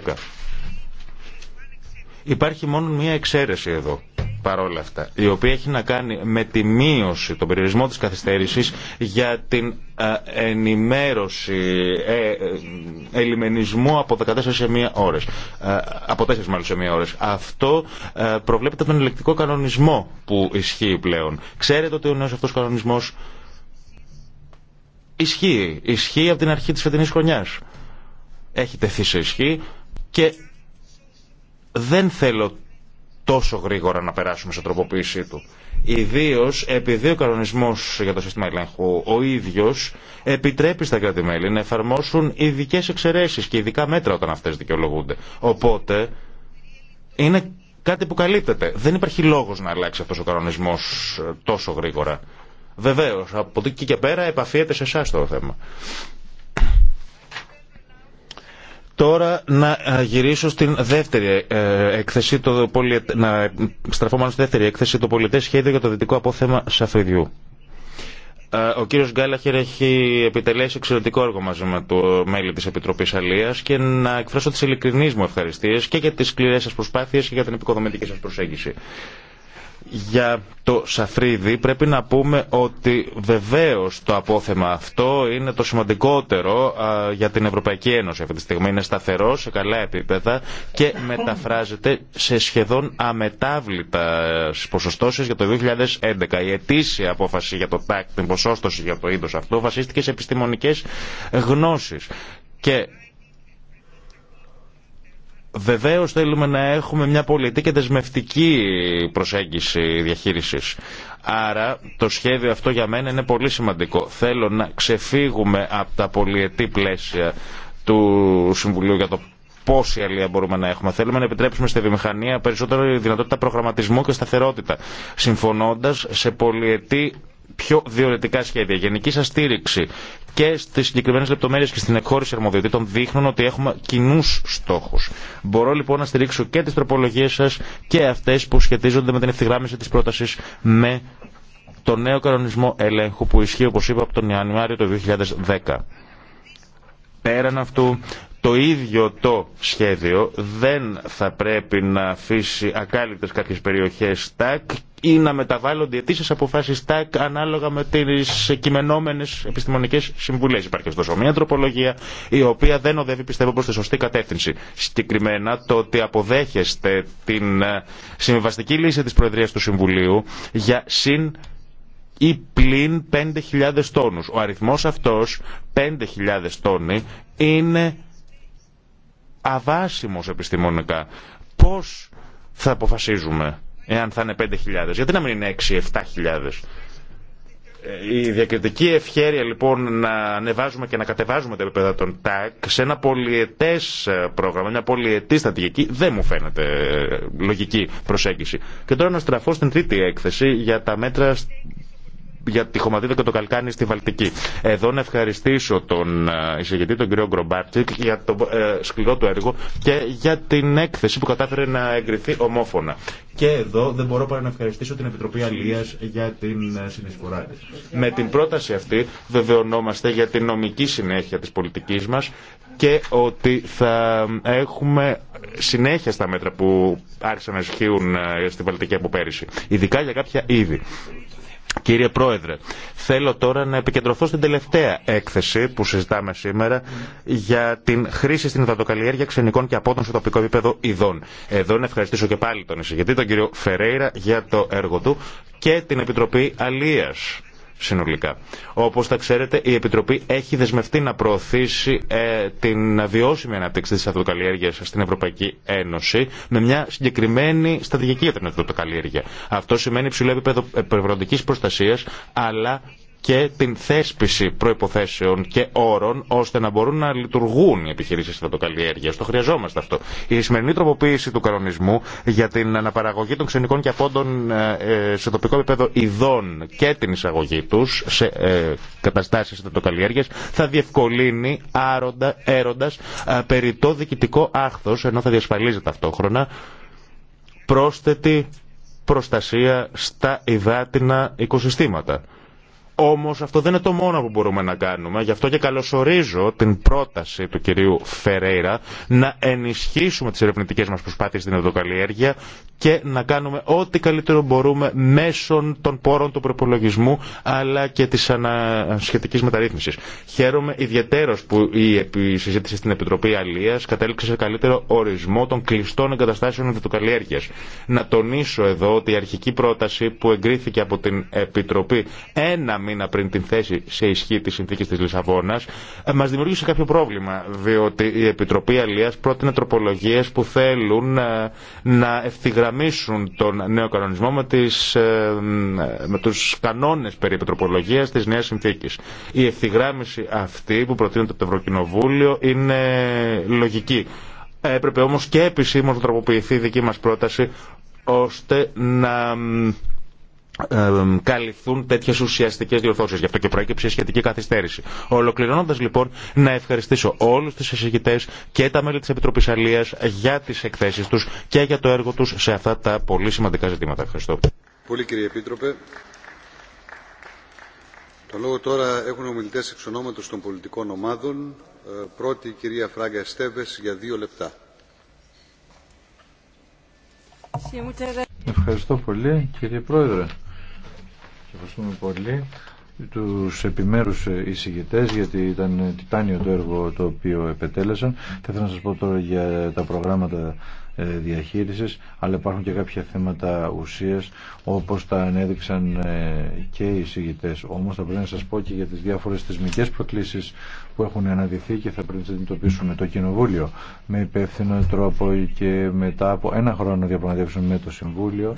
Speaker 4: Υπάρχει μόνο μία εξαίρεση εδώ παρόλα αυτά, η οποία έχει να κάνει με τη μείωση, τον περιορισμό της καθυστέρησης για την ενημέρωση ε, ε, ελιμενισμού από 14 σε 1 ώρες. από 4 μάλλον σε μία ώρες. Αυτό προβλέπεται από τον ελεκτικό κανονισμό που ισχύει πλέον. Ξέρετε ότι ο νέος αυτός κανονισμός ισχύει. Ισχύει από την αρχή της φετινής χρονιάς. Έχει τεθεί σε ισχύ και δεν θέλω τόσο γρήγορα να περάσουμε σε τροποποίησή του. Ιδίω επειδή ο κανονισμό για το σύστημα ελέγχου ο ίδιο επιτρέπει στα κράτη-μέλη να εφαρμόσουν ειδικέ εξαιρέσει και ειδικά μέτρα όταν αυτέ δικαιολογούνται. Οπότε είναι κάτι που καλύπτεται. Δεν υπάρχει λόγο να αλλάξει αυτό ο κανονισμό τόσο γρήγορα. Βεβαίω, από εκεί και πέρα επαφίεται σε εσά το θέμα. Τώρα να ε, γυρίσω στην δεύτερη ε, έκθεση, το να στραφώ μάλλον στη δεύτερη έκθεση, το πολιτέ σχέδιο για το δυτικό απόθεμα Σαφριδιού. Ε, ο κύριος Γκάλαχερ έχει επιτελέσει εξαιρετικό έργο μαζί με το μέλη της Επιτροπής Αλίας και να εκφράσω τις ειλικρινείς μου ευχαριστίες και για τις σκληρές σας προσπάθειες και για την επικοδομητική σας προσέγγιση. Για το Σαφρίδι πρέπει να πούμε ότι βεβαίως το απόθεμα αυτό είναι το σημαντικότερο για την Ευρωπαϊκή Ένωση αυτή τη στιγμή. Είναι σταθερό σε καλά επίπεδα και μεταφράζεται σε σχεδόν αμετάβλητα ποσοστώσεις για το 2011. Η ετήσια απόφαση για το ΤΑΚ, την ποσόστοση για το είδος αυτό, βασίστηκε σε επιστημονικές γνώσεις. Και Βεβαίως θέλουμε να έχουμε μια πολιτική και δεσμευτική προσέγγιση διαχείρισης. Άρα το σχέδιο αυτό για μένα είναι πολύ σημαντικό. Θέλω να ξεφύγουμε από τα πολιετή πλαίσια του Συμβουλίου για το πόση αλληλεία μπορούμε να έχουμε. Θέλουμε να επιτρέψουμε στη βιομηχανία περισσότερη δυνατότητα προγραμματισμού και σταθερότητα, συμφωνώντα σε πολιετή πιο διορετικά σχέδια, γενική σα στήριξη και στι συγκεκριμένε λεπτομέρειε και στην εκχώρηση αρμοδιοτήτων δείχνουν ότι έχουμε κοινού στόχου. Μπορώ λοιπόν να στηρίξω και τι τροπολογίε σα και αυτέ που σχετίζονται με την ευθυγράμμιση τη πρόταση με το νέο κανονισμό ελέγχου που ισχύει, όπω είπα, από τον Ιανουάριο του 2010. Πέραν αυτού, το ίδιο το σχέδιο δεν θα πρέπει να αφήσει ακάλυπτες κάποιες περιοχές τάκ ή να μεταβάλλονται αιτήσει αποφάσει ΤΑΚ ανάλογα με τι κειμενόμενε επιστημονικέ συμβουλέ. Υπάρχει ωστόσο μια τροπολογία η οποία δεν οδεύει πιστεύω προ τη σωστή κατεύθυνση. Συγκεκριμένα το ότι αποδέχεστε την ε, συμβιβαστική λύση τη Προεδρία του Συμβουλίου για συν ή πλην 5.000 τόνους. Ο αριθμός αυτός, 5.000 τόνοι, είναι αβάσιμος επιστημονικά. Πώς θα αποφασίζουμε εάν θα είναι 5.000. Γιατί να μην είναι 6-7.000. Ε, η διακριτική ευχέρεια λοιπόν να ανεβάζουμε και να κατεβάζουμε τα επίπεδα των ΤΑΚ σε ένα πολιετέ ε, πρόγραμμα, μια πολιετή στρατηγική, δεν μου φαίνεται ε, λογική προσέγγιση. Και τώρα να στραφώ στην τρίτη έκθεση για τα μέτρα για τη Χωματίδα και το Καλκάνι στη Βαλτική. Εδώ να ευχαριστήσω τον ε, εισηγητή, τον κύριο Γκρομπάρτσικ, για το ε, σκληρό του έργο και για την έκθεση που κατάφερε να εγκριθεί ομόφωνα. Και εδώ δεν μπορώ παρά να ευχαριστήσω την Επιτροπή Αλία για την ε, συνεισφορά τη. Με την πρόταση αυτή βεβαιωνόμαστε για την νομική συνέχεια τη πολιτική μα και ότι θα έχουμε συνέχεια στα μέτρα που άρχισαν να ισχύουν στη Βαλτική από πέρυσι. Ειδικά για κάποια είδη. Κύριε Πρόεδρε, θέλω τώρα να επικεντρωθώ στην τελευταία έκθεση που συζητάμε σήμερα για την χρήση στην υδατοκαλλιέργεια ξενικών και απότων σε τοπικό επίπεδο ειδών. Εδώ να ευχαριστήσω και πάλι τον εισηγητή, τον κύριο Φερέιρα, για το έργο του και την Επιτροπή Αλίας συνολικά. Όπω θα ξέρετε, η Επιτροπή έχει δεσμευτεί να προωθήσει ε, την βιώσιμη ανάπτυξη τη αυτοκαλλιέργεια στην Ευρωπαϊκή Ένωση με μια συγκεκριμένη στρατηγική για την αυτοκαλλιέργεια. Αυτό σημαίνει υψηλό επίπεδο περιβαλλοντική προστασία αλλά και την θέσπιση προϋποθέσεων και όρων ώστε να μπορούν να λειτουργούν οι επιχειρήσεις υδατοκαλλιέργειας. Το χρειαζόμαστε αυτό. Η σημερινή τροποποίηση του κανονισμού για την αναπαραγωγή των ξενικών και απόντων ε, ε, σε τοπικό επίπεδο ειδών και την εισαγωγή τους σε ε, καταστάσεις υδατοκαλλιέργειας θα διευκολύνει άροντα, έροντας το διοικητικό άχθος ενώ θα διασφαλίζει ταυτόχρονα πρόσθετη προστασία στα υδάτινα οικοσυστήματα όμω, αυτό δεν είναι το μόνο που μπορούμε να κάνουμε, γι' αυτό και καλωσορίζω την πρόταση του κυρίου Φερέιρα να ενισχύσουμε τι ερευνητικέ μα προσπάθειε στην εδωκαλλιέργεια και να κάνουμε ό,τι καλύτερο μπορούμε μέσω των πόρων του προπολογισμού αλλά και της ανασχετικής μεταρρύθμισης. Χαίρομαι ιδιαίτερος που η συζήτηση στην Επιτροπή Αλίας κατέληξε σε καλύτερο ορισμό των κλειστών εγκαταστάσεων αντιτοκαλλιέργεια. Να τονίσω εδώ ότι η αρχική πρόταση που εγκρίθηκε από την Επιτροπή ένα μήνα πριν την θέση σε ισχύ της συνθήκης της Λισαβόνας μας δημιούργησε κάποιο πρόβλημα διότι η Επιτροπή Αλίας πρότεινε τροπολογίες που θέλουν ε, να ευθυγραμμίσουν τον νέο κανονισμό ε, με, τους κανόνες περί επιτροπολογίας της νέας συνθήκης. Η ευθυγράμμιση αυτή που προτείνεται από το Ευρωκοινοβούλιο είναι λογική. Έπρεπε όμως και επισήμως να τροποποιηθεί η δική μας πρόταση ώστε να καλυφθούν τέτοιε ουσιαστικέ διορθώσει. Γι' αυτό και προέκυψε σχετική καθυστέρηση. Ολοκληρώνοντας, λοιπόν, να ευχαριστήσω όλους τους εισηγητέ και τα μέλη της Επιτροπής Αλίας για τις εκθέσεις τους και για το έργο τους σε αυτά τα πολύ σημαντικά ζητήματα. Ευχαριστώ.
Speaker 2: Πολύ κύριε Επίτροπε. Το λόγο τώρα έχουν ομιλητές εξ ονόματο των πολιτικών ομάδων. Ε, πρώτη η κυρία Φράγκα Στέβες, για δύο λεπτά.
Speaker 3: Ευχαριστώ πολύ κύριε Πρόεδρε. Ευχαριστούμε πολύ τους επιμέρους εισηγητές γιατί ήταν τιτάνιο το έργο το οποίο επετέλεσαν. Θα ήθελα να σας πω τώρα για τα προγράμματα ε, διαχείρισης αλλά υπάρχουν και κάποια θέματα ουσίας όπως τα ανέδειξαν ε, και οι εισηγητές. Όμως θα πρέπει να σας πω και για τις διάφορες θεσμικές προκλήσεις που έχουν αναδειθεί και θα πρέπει να τις αντιμετωπίσουμε το Κοινοβούλιο με υπεύθυνο τρόπο και μετά από ένα χρόνο διαπραγματεύσεων με το Συμβούλιο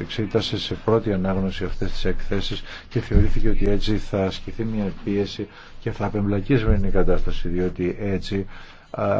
Speaker 3: εξέτασε σε πρώτη ανάγνωση αυτές τις εκθέσεις και θεωρήθηκε ότι έτσι θα ασκηθεί μια πίεση και θα απεμπλακεί η κατάσταση διότι έτσι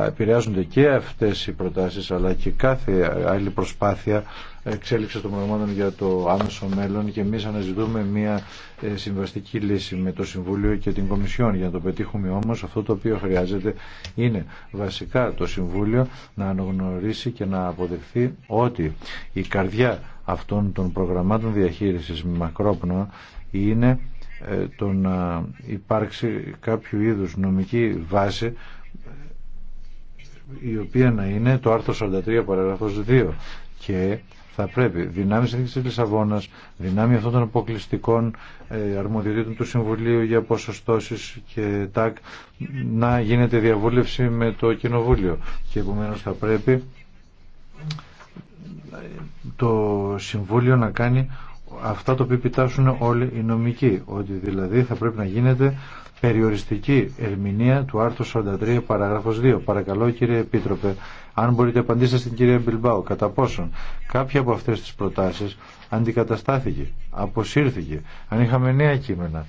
Speaker 3: επηρεάζονται και αυτές οι προτάσεις αλλά και κάθε άλλη προσπάθεια εξέλιξη των προγραμμάτων για το άμεσο μέλλον και εμεί αναζητούμε μια ε, συμβαστική λύση με το Συμβούλιο και την Κομισιόν. Για να το πετύχουμε όμω, αυτό το οποίο χρειάζεται είναι βασικά το Συμβούλιο να αναγνωρίσει και να αποδεχθεί ότι η καρδιά αυτών των προγραμμάτων διαχείρισης μακρόπνο είναι ε, το να υπάρξει κάποιο είδους νομική βάση η οποία να είναι το άρθρο 43 παραγραφός 2 και θα πρέπει δυνάμει τη Λισαβόνα, δυνάμει αυτών των αποκλειστικών ε, αρμοδιοτήτων του Συμβουλίου για ποσοστώσει και τάκ να γίνεται διαβούλευση με το Κοινοβούλιο. Και επομένω θα πρέπει το Συμβούλιο να κάνει αυτά το οποίο επιτάσσουν όλοι οι νομικοί, ότι δηλαδή θα πρέπει να γίνεται περιοριστική ερμηνεία του άρθρου 43 παράγραφος 2. Παρακαλώ κύριε Επίτροπε, αν μπορείτε απαντήσετε στην κυρία Μπιλμπάου, κατά πόσον κάποια από αυτές τις προτάσεις αντικαταστάθηκε, αποσύρθηκε, αν είχαμε νέα κείμενα.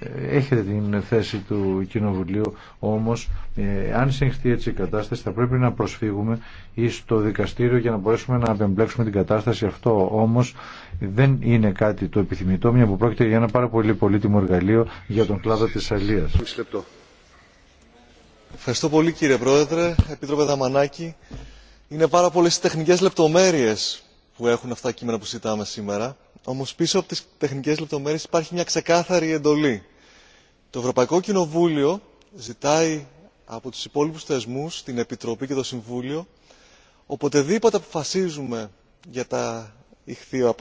Speaker 3: Ε, έχετε την θέση του Κοινοβουλίου, όμως ε, αν συγχθεί έτσι η κατάσταση θα πρέπει να προσφύγουμε ή στο δικαστήριο για να μπορέσουμε να απεμπλέξουμε την κατάσταση. Αυτό όμως δεν είναι κάτι το επιθυμητό, μια που πρόκειται για ένα πάρα πολύ πολύτιμο εργαλείο για τον κλάδο της αλίας.
Speaker 5: Ευχαριστώ πολύ κύριε Πρόεδρε, Επίτροπε Δαμανάκη. Είναι πάρα πολλέ οι τεχνικέ λεπτομέρειε που έχουν αυτά τα κείμενα που συζητάμε σήμερα. Όμω πίσω από τι τεχνικέ λεπτομέρειε υπάρχει μια ξεκάθαρη εντολή. Το Ευρωπαϊκό Κοινοβούλιο ζητάει από του υπόλοιπου θεσμού την Επιτροπή και το Συμβούλιο, οποτεδήποτε αποφασίζουμε για τα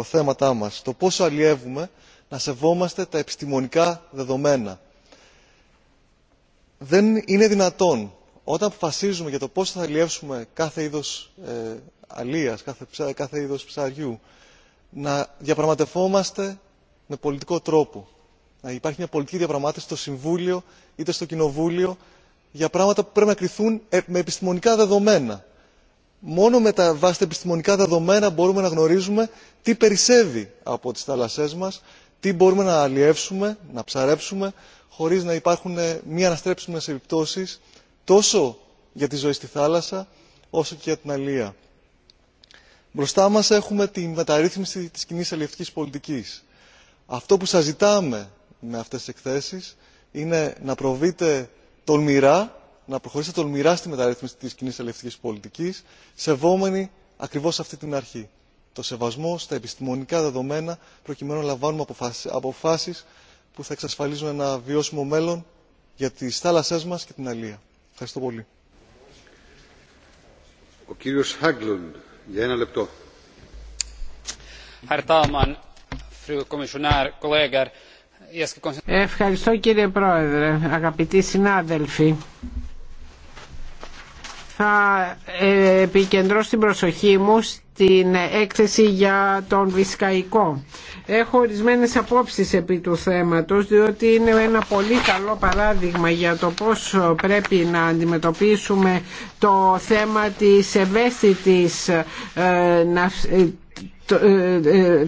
Speaker 5: θέματά μας το πόσο αλλιεύουμε να σεβόμαστε τα επιστημονικά δεδομένα. δεν είναι δυνατόν όταν αποφασίζουμε για το πώ θα αλλιεύσουμε κάθε είδος ε, αλίας, κάθε, κάθε είδος ψαριού να διαπραγματευόμαστε με πολιτικό τρόπο. Να υπάρχει μια πολιτική διαπραγμάτευση στο Συμβούλιο είτε στο Κοινοβούλιο για πράγματα που πρέπει να κριθούν ε, με επιστημονικά δεδομένα μόνο με τα βάση τα επιστημονικά δεδομένα μπορούμε να γνωρίζουμε τι περισσεύει από τις θάλασσές μας τι μπορούμε να αλλιεύσουμε να ψαρέψουμε χωρίς να υπάρχουν ε, μη αναστρέψιμες επιπτώσεις τόσο για τη ζωή στη θάλασσα όσο και για την αλλία. Μπροστά μας έχουμε τη μεταρρύθμιση της κοινή αλληλευτικής πολιτικής. Αυτό που σας ζητάμε με αυτές τις εκθέσεις είναι να προβείτε τολμηρά να προχωρήσετε τολμηρά στη μεταρρύθμιση της κοινή ελευθερικής πολιτικής σεβόμενοι ακριβώς αυτή την αρχή το σεβασμό στα επιστημονικά δεδομένα προκειμένου να λαμβάνουμε αποφάσεις που θα εξασφαλίζουν ένα βιώσιμο μέλλον για τις θάλασσές μας και την αλία. Ευχαριστώ πολύ.
Speaker 2: Ο για ένα λεπτό.
Speaker 1: Ευχαριστώ κύριε Πρόεδρε, αγαπητοί συνάδελφοι θα ε, επικεντρώσω την προσοχή μου στην έκθεση για τον Βυσκαϊκό. Έχω ορισμένε απόψεις επί του θέματος, διότι είναι ένα πολύ καλό παράδειγμα για το πώς πρέπει να αντιμετωπίσουμε το θέμα της ευαίσθητης ε,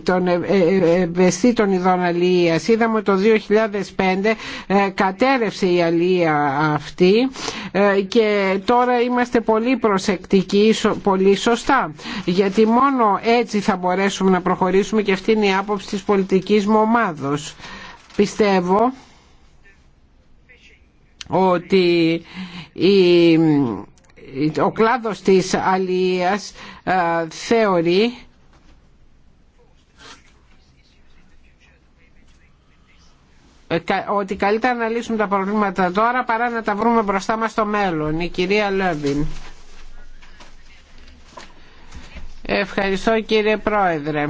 Speaker 1: των ε, ε, ευαισθήτων ε, ειδών αλληλείας. Είδαμε το 2005 κατέρευσε η αλληλεία αυτή και τώρα είμαστε πολύ προσεκτικοί, πολύ σωστά. Γιατί μόνο έτσι θα μπορέσουμε να προχωρήσουμε και αυτή είναι η άποψη της πολιτικής μου ομάδος. Πιστεύω ότι ο κλάδος της αλληλείας θεωρεί Ε, ότι καλύτερα να λύσουμε τα προβλήματα τώρα παρά να τα βρούμε μπροστά μας στο μέλλον. Η κυρία Λέμπιν. Ευχαριστώ κύριε Πρόεδρε.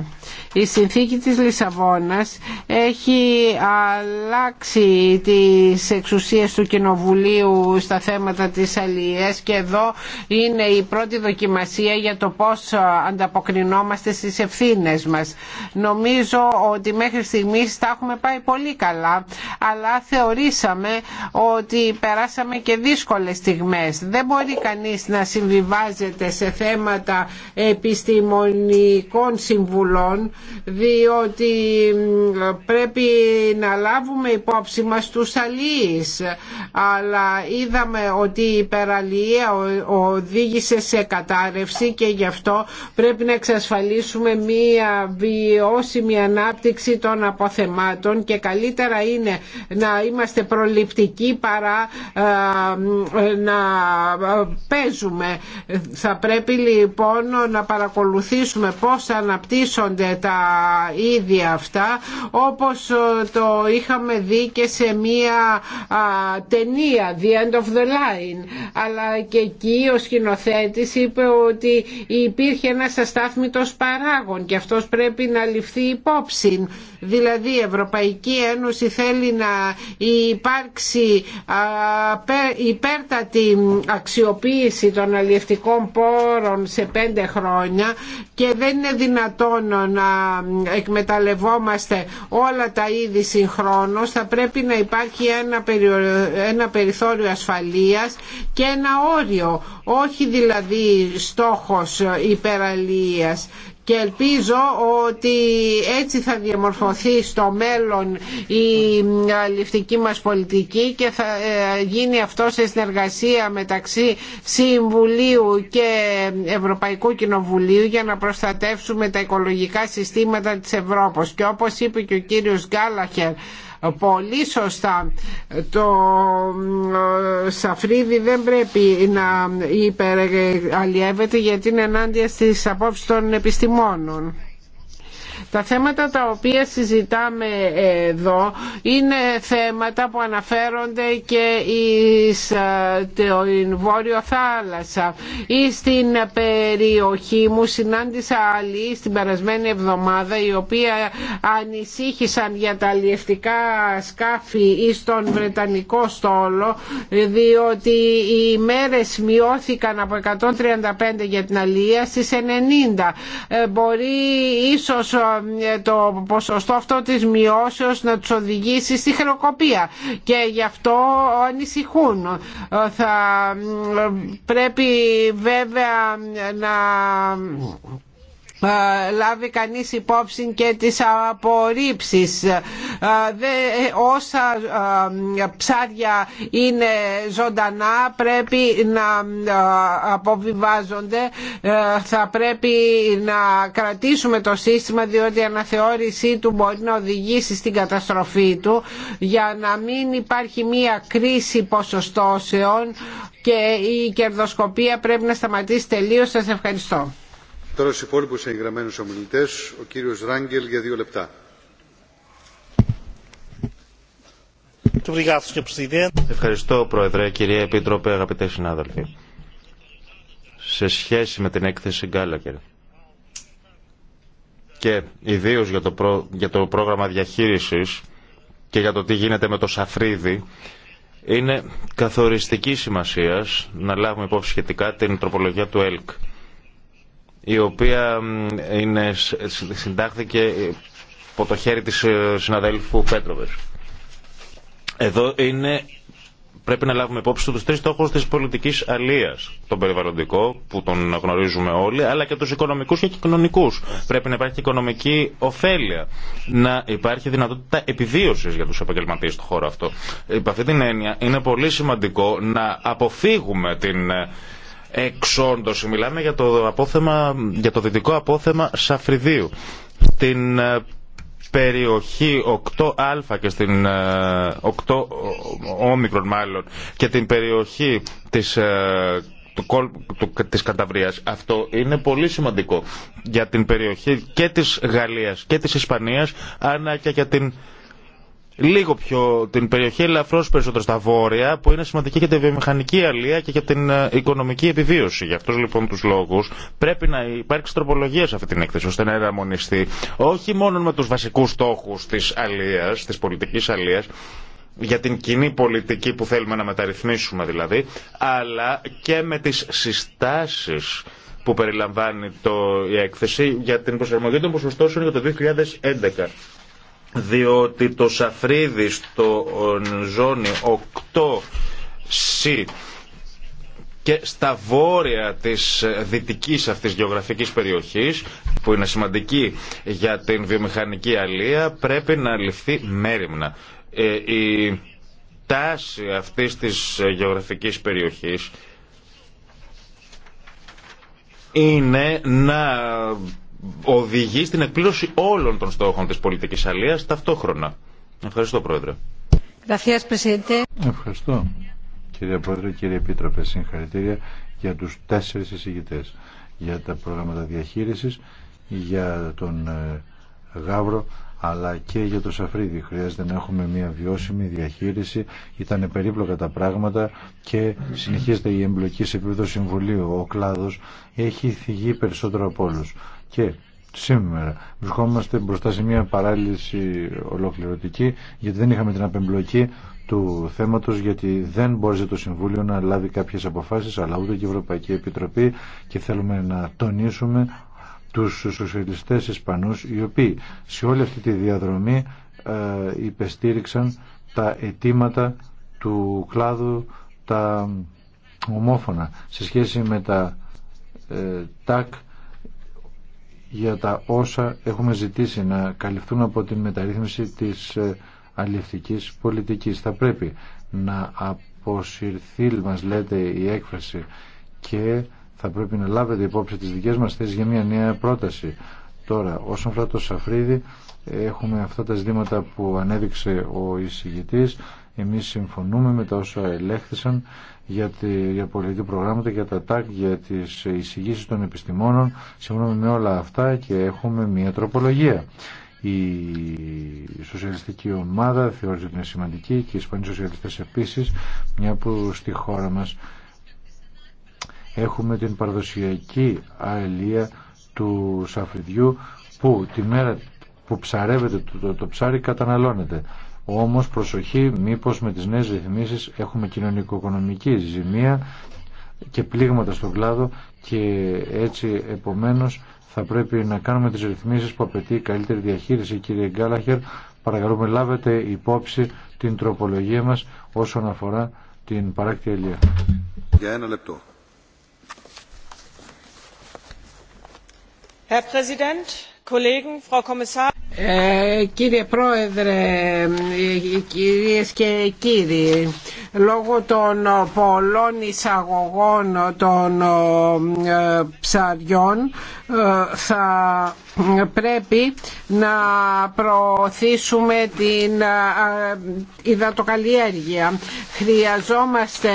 Speaker 1: Η συνθήκη της Λισαβόνας έχει αλλάξει τις εξουσίες του Κοινοβουλίου στα θέματα της αλληλείας και εδώ είναι η πρώτη δοκιμασία για το πώς ανταποκρινόμαστε στις ευθύνες μας. Νομίζω ότι μέχρι στιγμής τα έχουμε πάει πολύ καλά, αλλά θεωρήσαμε ότι περάσαμε και δύσκολες στιγμές. Δεν μπορεί κανείς να συμβιβάζεται σε θέματα επιστημονικών συμβουλών διότι πρέπει να λάβουμε υπόψη μας τους αλλοίς αλλά είδαμε ότι η υπεραλληλία οδήγησε σε κατάρρευση και γι' αυτό πρέπει να εξασφαλίσουμε μία βιώσιμη ανάπτυξη των αποθεμάτων και καλύτερα είναι να είμαστε προληπτικοί παρά ε, να παίζουμε. Θα πρέπει λοιπόν να παρακολουθήσουμε πώς αναπτύσσονται τα ίδια αυτά όπως ε, το είχαμε δει και σε μία ταινία The End of the Line αλλά και εκεί ο σκηνοθέτης είπε ότι υπήρχε ένας αστάθμητος παράγων και αυτός πρέπει να ληφθεί υπόψη δηλαδή η Ευρωπαϊκή Ένωση θέλει να υπάρξει υπέρτατη αξιοποίηση των αλληλευτικών πόρων σε πέντε χρόνια και δεν είναι δυνατόν να εκμεταλλευόμαστε όλα τα είδη συγχρόνως θα πρέπει να υπάρχει ένα, ένα περιθώριο ασφαλείας και ένα όριο όχι δηλαδή στόχος υπεραλίας και ελπίζω ότι έτσι θα διαμορφωθεί στο μέλλον η αληφτική μας πολιτική και θα ε, γίνει αυτό σε συνεργασία μεταξύ Συμβουλίου και Ευρωπαϊκού Κοινοβουλίου για να προστατεύσουμε τα οικολογικά συστήματα της Ευρώπης και όπως είπε και ο κύριος Γκάλαχερ πολύ σωστά το ε, σαφρίδι δεν πρέπει να υπεραλλιεύεται γιατί είναι ενάντια στις απόψεις των επιστημόνων. Τα θέματα τα οποία συζητάμε εδώ είναι θέματα που αναφέρονται και εις το Βόρειο Θάλασσα ή στην περιοχή μου συνάντησα άλλη στην περασμένη εβδομάδα η οποία ανησύχησαν για τα αλλιευτικά σκάφη ή στον Βρετανικό στόλο διότι οι μέρες μειώθηκαν από 135 για την αλληλεία στις 90. Ε, μπορεί ίσως ε, το ποσοστό αυτό της μειώσεως να τους οδηγήσει στη χρεοκοπία και γι' αυτό ανησυχούν. Ε, θα ε, πρέπει βέβαια να λάβει κανείς υπόψη και τις απορρίψεις Δε, όσα ψάρια είναι ζωντανά πρέπει να αποβιβάζονται θα πρέπει να κρατήσουμε το σύστημα διότι η αναθεώρησή του μπορεί να οδηγήσει στην καταστροφή του για να μην υπάρχει μία κρίση ποσοστώσεων και η κερδοσκοπία πρέπει να σταματήσει τελείως. Σας ευχαριστώ.
Speaker 2: Τώρα στους υπόλοιπους εγγραμμένους ομιλητές, ο κύριος Ράγκελ για δύο λεπτά.
Speaker 4: Ευχαριστώ, Πρόεδρε, κυρία Επίτροπε, αγαπητέ συνάδελφοι. Σε σχέση με την έκθεση Γκάλακερ και ιδίω για, το για το πρόγραμμα διαχείρισης και για το τι γίνεται με το σαφρίδι, είναι καθοριστική σημασία να λάβουμε υπόψη σχετικά την τροπολογία του ΕΛΚ η οποία είναι, συντάχθηκε από το χέρι της ε, συναδέλφου Πέτροβες. Εδώ είναι, πρέπει να λάβουμε υπόψη τους τρεις στόχους της πολιτικής αλίας. Τον περιβαλλοντικό που τον γνωρίζουμε όλοι, αλλά και τους οικονομικούς και κοινωνικούς. Πρέπει να υπάρχει οικονομική ωφέλεια, να υπάρχει δυνατότητα επιβίωσης για τους επαγγελματίες του χώρου αυτό. Υπ' αυτή την έννοια είναι πολύ σημαντικό να αποφύγουμε την ε, εξόντωση. Μιλάμε για το, απόθεμα, για το δυτικό απόθεμα Σαφριδίου. την ε, περιοχή 8α και στην 8 ε, όμικρον και την περιοχή της ε, του, της Καταβρίας. Αυτό είναι πολύ σημαντικό για την περιοχή και της Γαλλίας και της Ισπανίας, αλλά και για την λίγο πιο την περιοχή ελαφρώ περισσότερο στα βόρεια, που είναι σημαντική για τη βιομηχανική αλεία και για την ε, οικονομική επιβίωση. Γι' αυτού λοιπόν του λόγου πρέπει να υπάρξει τροπολογία σε αυτή την έκθεση, ώστε να εραμονιστεί όχι μόνο με του βασικού στόχου τη αλία, τη πολιτική αλεία, για την κοινή πολιτική που θέλουμε να μεταρρυθμίσουμε δηλαδή, αλλά και με τις συστάσεις που περιλαμβάνει το, η έκθεση για την προσαρμογή των ποσοστώσεων για το 2011 διότι το σαφρίδι στο ζώνη 8C και στα βόρεια της δυτικής αυτής γεωγραφικής περιοχής που είναι σημαντική για την βιομηχανική αλία πρέπει να ληφθεί μέρημνα. Ε, η τάση αυτής της γεωγραφικής περιοχής είναι να οδηγεί στην εκπλήρωση όλων των στόχων της πολιτικής αλίας
Speaker 3: ταυτόχρονα. Ευχαριστώ Πρόεδρε. Ευχαριστώ. Κύριε Πρόεδρε, κύριε Επίτροπε, συγχαρητήρια για τους τέσσερις εισηγητές, για τα προγράμματα διαχείρισης, για τον ε, Γάβρο, αλλά και για το Σαφρίδι χρειάζεται να έχουμε μια βιώσιμη διαχείριση. Ήταν περίπλοκα τα πράγματα και συνεχίζεται η εμπλοκή σε επίπεδο συμβουλίου. Ο κλάδος έχει θυγεί περισσότερο από όλους. Και σήμερα βρισκόμαστε μπροστά σε μια παράλυση ολοκληρωτική γιατί δεν είχαμε την απεμπλοκή του θέματος γιατί δεν μπόρεσε το Συμβούλιο να λάβει κάποιες αποφάσεις αλλά ούτε και η Ευρωπαϊκή Επιτροπή και θέλουμε να τονίσουμε τους σοσιαλιστές Ισπανούς οι οποίοι σε όλη αυτή τη διαδρομή ε, υπεστήριξαν τα αιτήματα του κλάδου τα ομόφωνα σε σχέση με τα ε, ΤΑΚ για τα όσα έχουμε ζητήσει να καλυφθούν από την μεταρρύθμιση της ε, πολιτικής. Θα πρέπει να αποσυρθεί μας λέτε η έκφραση και θα πρέπει να λάβετε υπόψη τις δικές μας θέσεις για μια νέα πρόταση. Τώρα, όσον αφορά το Σαφρίδι, έχουμε αυτά τα ζητήματα που ανέδειξε ο εισηγητής. Εμείς συμφωνούμε με τα όσα ελέγχθησαν για, τη, για πολιτική προγράμματα, για τα ΤΑΚ, για τις εισηγήσει των επιστημόνων. Συμφωνούμε με όλα αυτά και έχουμε μια τροπολογία. Η σοσιαλιστική ομάδα θεωρείται ότι είναι σημαντική και οι Ισπανοί σοσιαλιστές επίσης, μια που στη χώρα μας Έχουμε την παραδοσιακή αελία του σαφριδιού που τη μέρα που ψαρεύεται το, το, ψάρι καταναλώνεται. Όμως προσοχή μήπως με τις νέες ρυθμίσεις έχουμε κοινωνικο-οικονομική ζημία και πλήγματα στον κλάδο και έτσι επομένως θα πρέπει να κάνουμε τις ρυθμίσεις που απαιτεί καλύτερη διαχείριση κύριε Γκάλαχερ παρακαλούμε λάβετε υπόψη την τροπολογία μας όσον αφορά την παράκτη
Speaker 2: ελία. Για ένα λεπτό.
Speaker 1: herr präsident kollegen frau kommissarin! Ε, κύριε Πρόεδρε, ε, κυρίες και κύριοι, λόγω των ε, πολλών εισαγωγών των ψαριών θα πρέπει να προωθήσουμε την υδατοκαλλιέργεια. Χρειαζόμαστε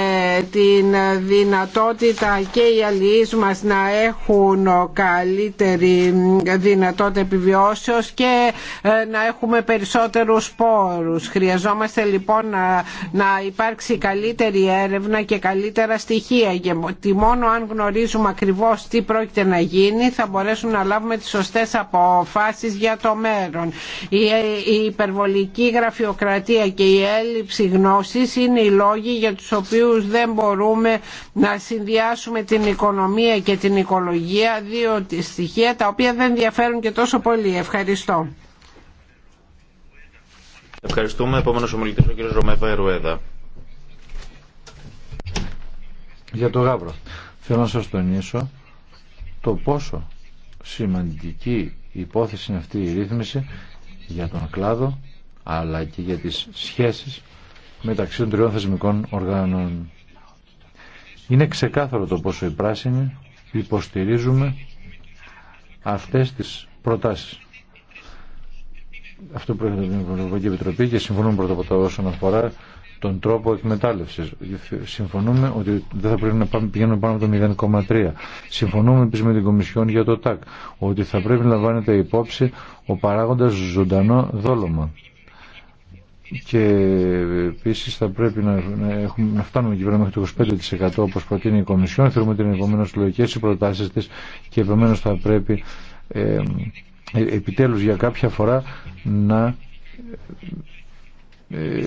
Speaker 1: την δυνατότητα και οι αλληλείς μας να έχουν καλύτερη δυνατότητα επιβιώσεως και ε, να έχουμε περισσότερους πόρους. Χρειαζόμαστε λοιπόν να, να υπάρξει καλύτερη έρευνα και καλύτερα στοιχεία τι μόνο αν γνωρίζουμε ακριβώς τι πρόκειται να γίνει θα μπορέσουμε να λάβουμε τις σωστές αποφάσεις για το μέλλον. Η, ε, η υπερβολική γραφειοκρατία και η έλλειψη γνώσης είναι οι λόγοι για τους οποίους δεν μπορούμε να συνδυάσουμε την οικονομία και την οικολογία, δύο στοιχεία τα οποία δεν διαφέρουν και τόσο πολύ. Ευχαριστώ.
Speaker 4: Ευχαριστούμε. Επόμενο ομιλητή ο κ. Ρωμέβα Ερουέδα.
Speaker 3: Για το γάβρο. Θέλω να σα τονίσω το πόσο σημαντική υπόθεση είναι αυτή η ρύθμιση για τον κλάδο αλλά και για τις σχέσεις μεταξύ των τριών θεσμικών οργάνων. Είναι ξεκάθαρο το πόσο οι πράσινοι υποστηρίζουμε αυτές τις προτάσεις. Αυτό που από την Ευρωπαϊκή Επιτροπή και συμφωνούμε πρώτα από τα όσον αφορά τον τρόπο εκμετάλλευση. Συμφωνούμε ότι δεν θα πρέπει να πάμε, πηγαίνουμε πάνω από το 0,3. Συμφωνούμε επίση με την Κομισιόν για το ΤΑΚ ότι θα πρέπει να λαμβάνεται υπόψη ο παράγοντα ζωντανό δόλωμα. Και επίση θα πρέπει να, έχουμε, να φτάνουμε εκεί πέρα μέχρι το 25% όπω προτείνει η Κομισιόν. Θεωρούμε ότι είναι επομένω λογικέ οι προτάσει τη και επομένω θα πρέπει. Ε, ε, επιτέλους για κάποια φορά να ε,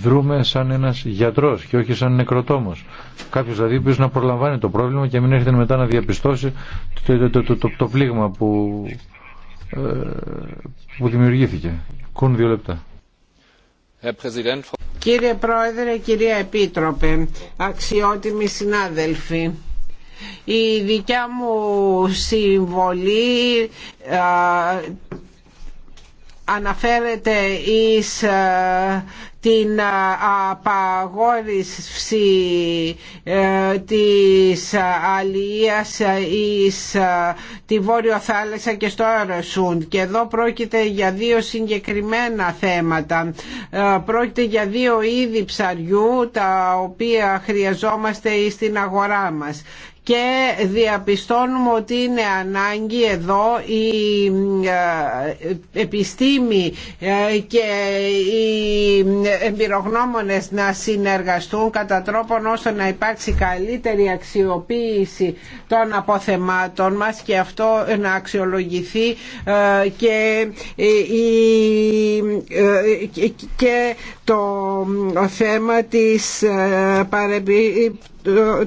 Speaker 3: δρούμε σαν ένας γιατρός και όχι σαν νεκροτόμος. Κάποιος δηλαδή που να προλαμβάνει το πρόβλημα και μην έρχεται μετά να διαπιστώσει το, το, το, το, πλήγμα που, ε, που δημιουργήθηκε. Κούν δύο
Speaker 6: λεπτά.
Speaker 1: Κύριε Πρόεδρε, κυρία Επίτροπε, αξιότιμοι συνάδελφοι, η δικιά μου συμβολή αναφέρεται εις την απαγόρευση ε, της αλληλείας εις τη Βόρειο Θάλασσα και στο Άρεσουν. και εδώ πρόκειται για δύο συγκεκριμένα θέματα ε, πρόκειται για δύο είδη ψαριού τα οποία χρειαζόμαστε στην αγορά μας και διαπιστώνουμε ότι είναι ανάγκη εδώ η ε, επιστήμη ε, και οι εμπειρογνώμονες να συνεργαστούν κατά τρόπον ώστε να υπάρξει καλύτερη αξιοποίηση των αποθεμάτων μας και αυτό να αξιολογηθεί ε, και, και το θέμα της παρεμπίπτωσης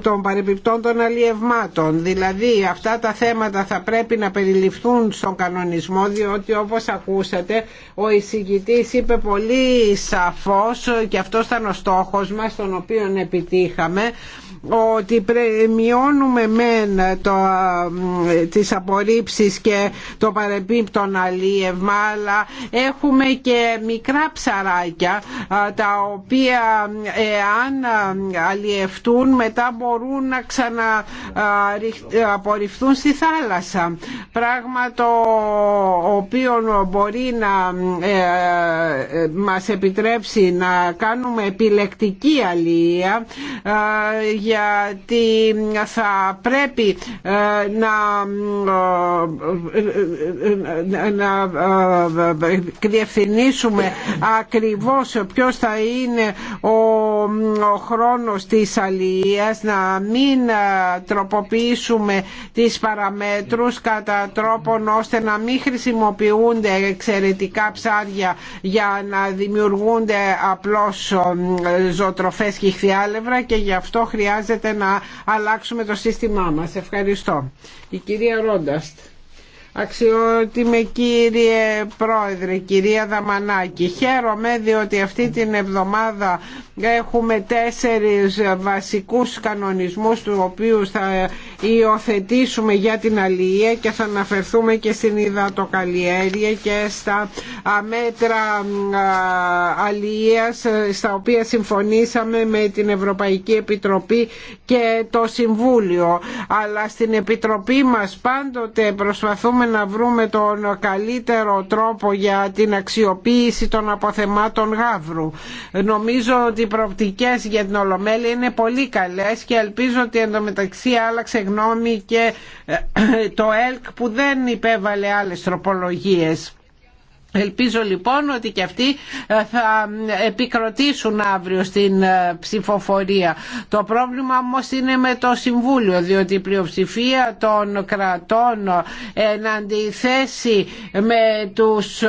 Speaker 1: των παρεμπιπτών των αλλιευμάτων. Δηλαδή αυτά τα θέματα θα πρέπει να περιληφθούν στον κανονισμό διότι όπως ακούσατε ο εισηγητής είπε πολύ σαφώς και αυτό ήταν ο στόχος μας τον οποίο επιτύχαμε ότι μειώνουμε μεν το, τις απορρίψεις και το παρεμπίπτον αλίευμα αλλά έχουμε και μικρά ψαράκια τα οποία εάν αλλιευτούν μετά μπορούν να ξανααπορριφθούν στη θάλασσα πράγμα το οποίο μπορεί να ε, μας επιτρέψει να κάνουμε επιλεκτική αλία γιατί θα πρέπει ε, να, ε, ε, να διευθυνίσουμε ακριβώς ποιος θα είναι ο χρόνος της αλληλείας να μην τροποποιήσουμε τις παραμέτρους κατά τρόπον ώστε να μην χρησιμοποιούνται εξαιρετικά ψάρια για να δημιουργούνται απλώς ζωοτροφές και χθιάλευρα και γι' αυτό χρειάζεται χρειάζεται να αλλάξουμε το σύστημά μας. Ευχαριστώ. Η κυρία Ρόνταστ. Αξιότιμε κύριε Πρόεδρε, κυρία Δαμανάκη, χαίρομαι διότι αυτή την εβδομάδα έχουμε τέσσερις βασικούς κανονισμούς του οποίου θα υιοθετήσουμε για την αλληλεία και θα αναφερθούμε και στην υδατοκαλλιέργεια και στα μέτρα αλληλείας στα οποία συμφωνήσαμε με την Ευρωπαϊκή Επιτροπή και το Συμβούλιο. Αλλά στην Επιτροπή μας πάντοτε προσπαθούμε να βρούμε τον καλύτερο τρόπο για την αξιοποίηση των αποθεμάτων γάβρου. Νομίζω ότι οι προοπτικές για την Ολομέλεια είναι πολύ καλές και ελπίζω ότι εντωμεταξύ άλλαξε γνώμη και ε, το ΕΛΚ που δεν υπέβαλε άλλες τροπολογίες. Ελπίζω λοιπόν ότι και αυτοί ε, θα επικροτήσουν αύριο στην ε, ψηφοφορία. Το πρόβλημα όμω είναι με το Συμβούλιο, διότι η πλειοψηφία των κρατών ε, εν αντιθέσει με τους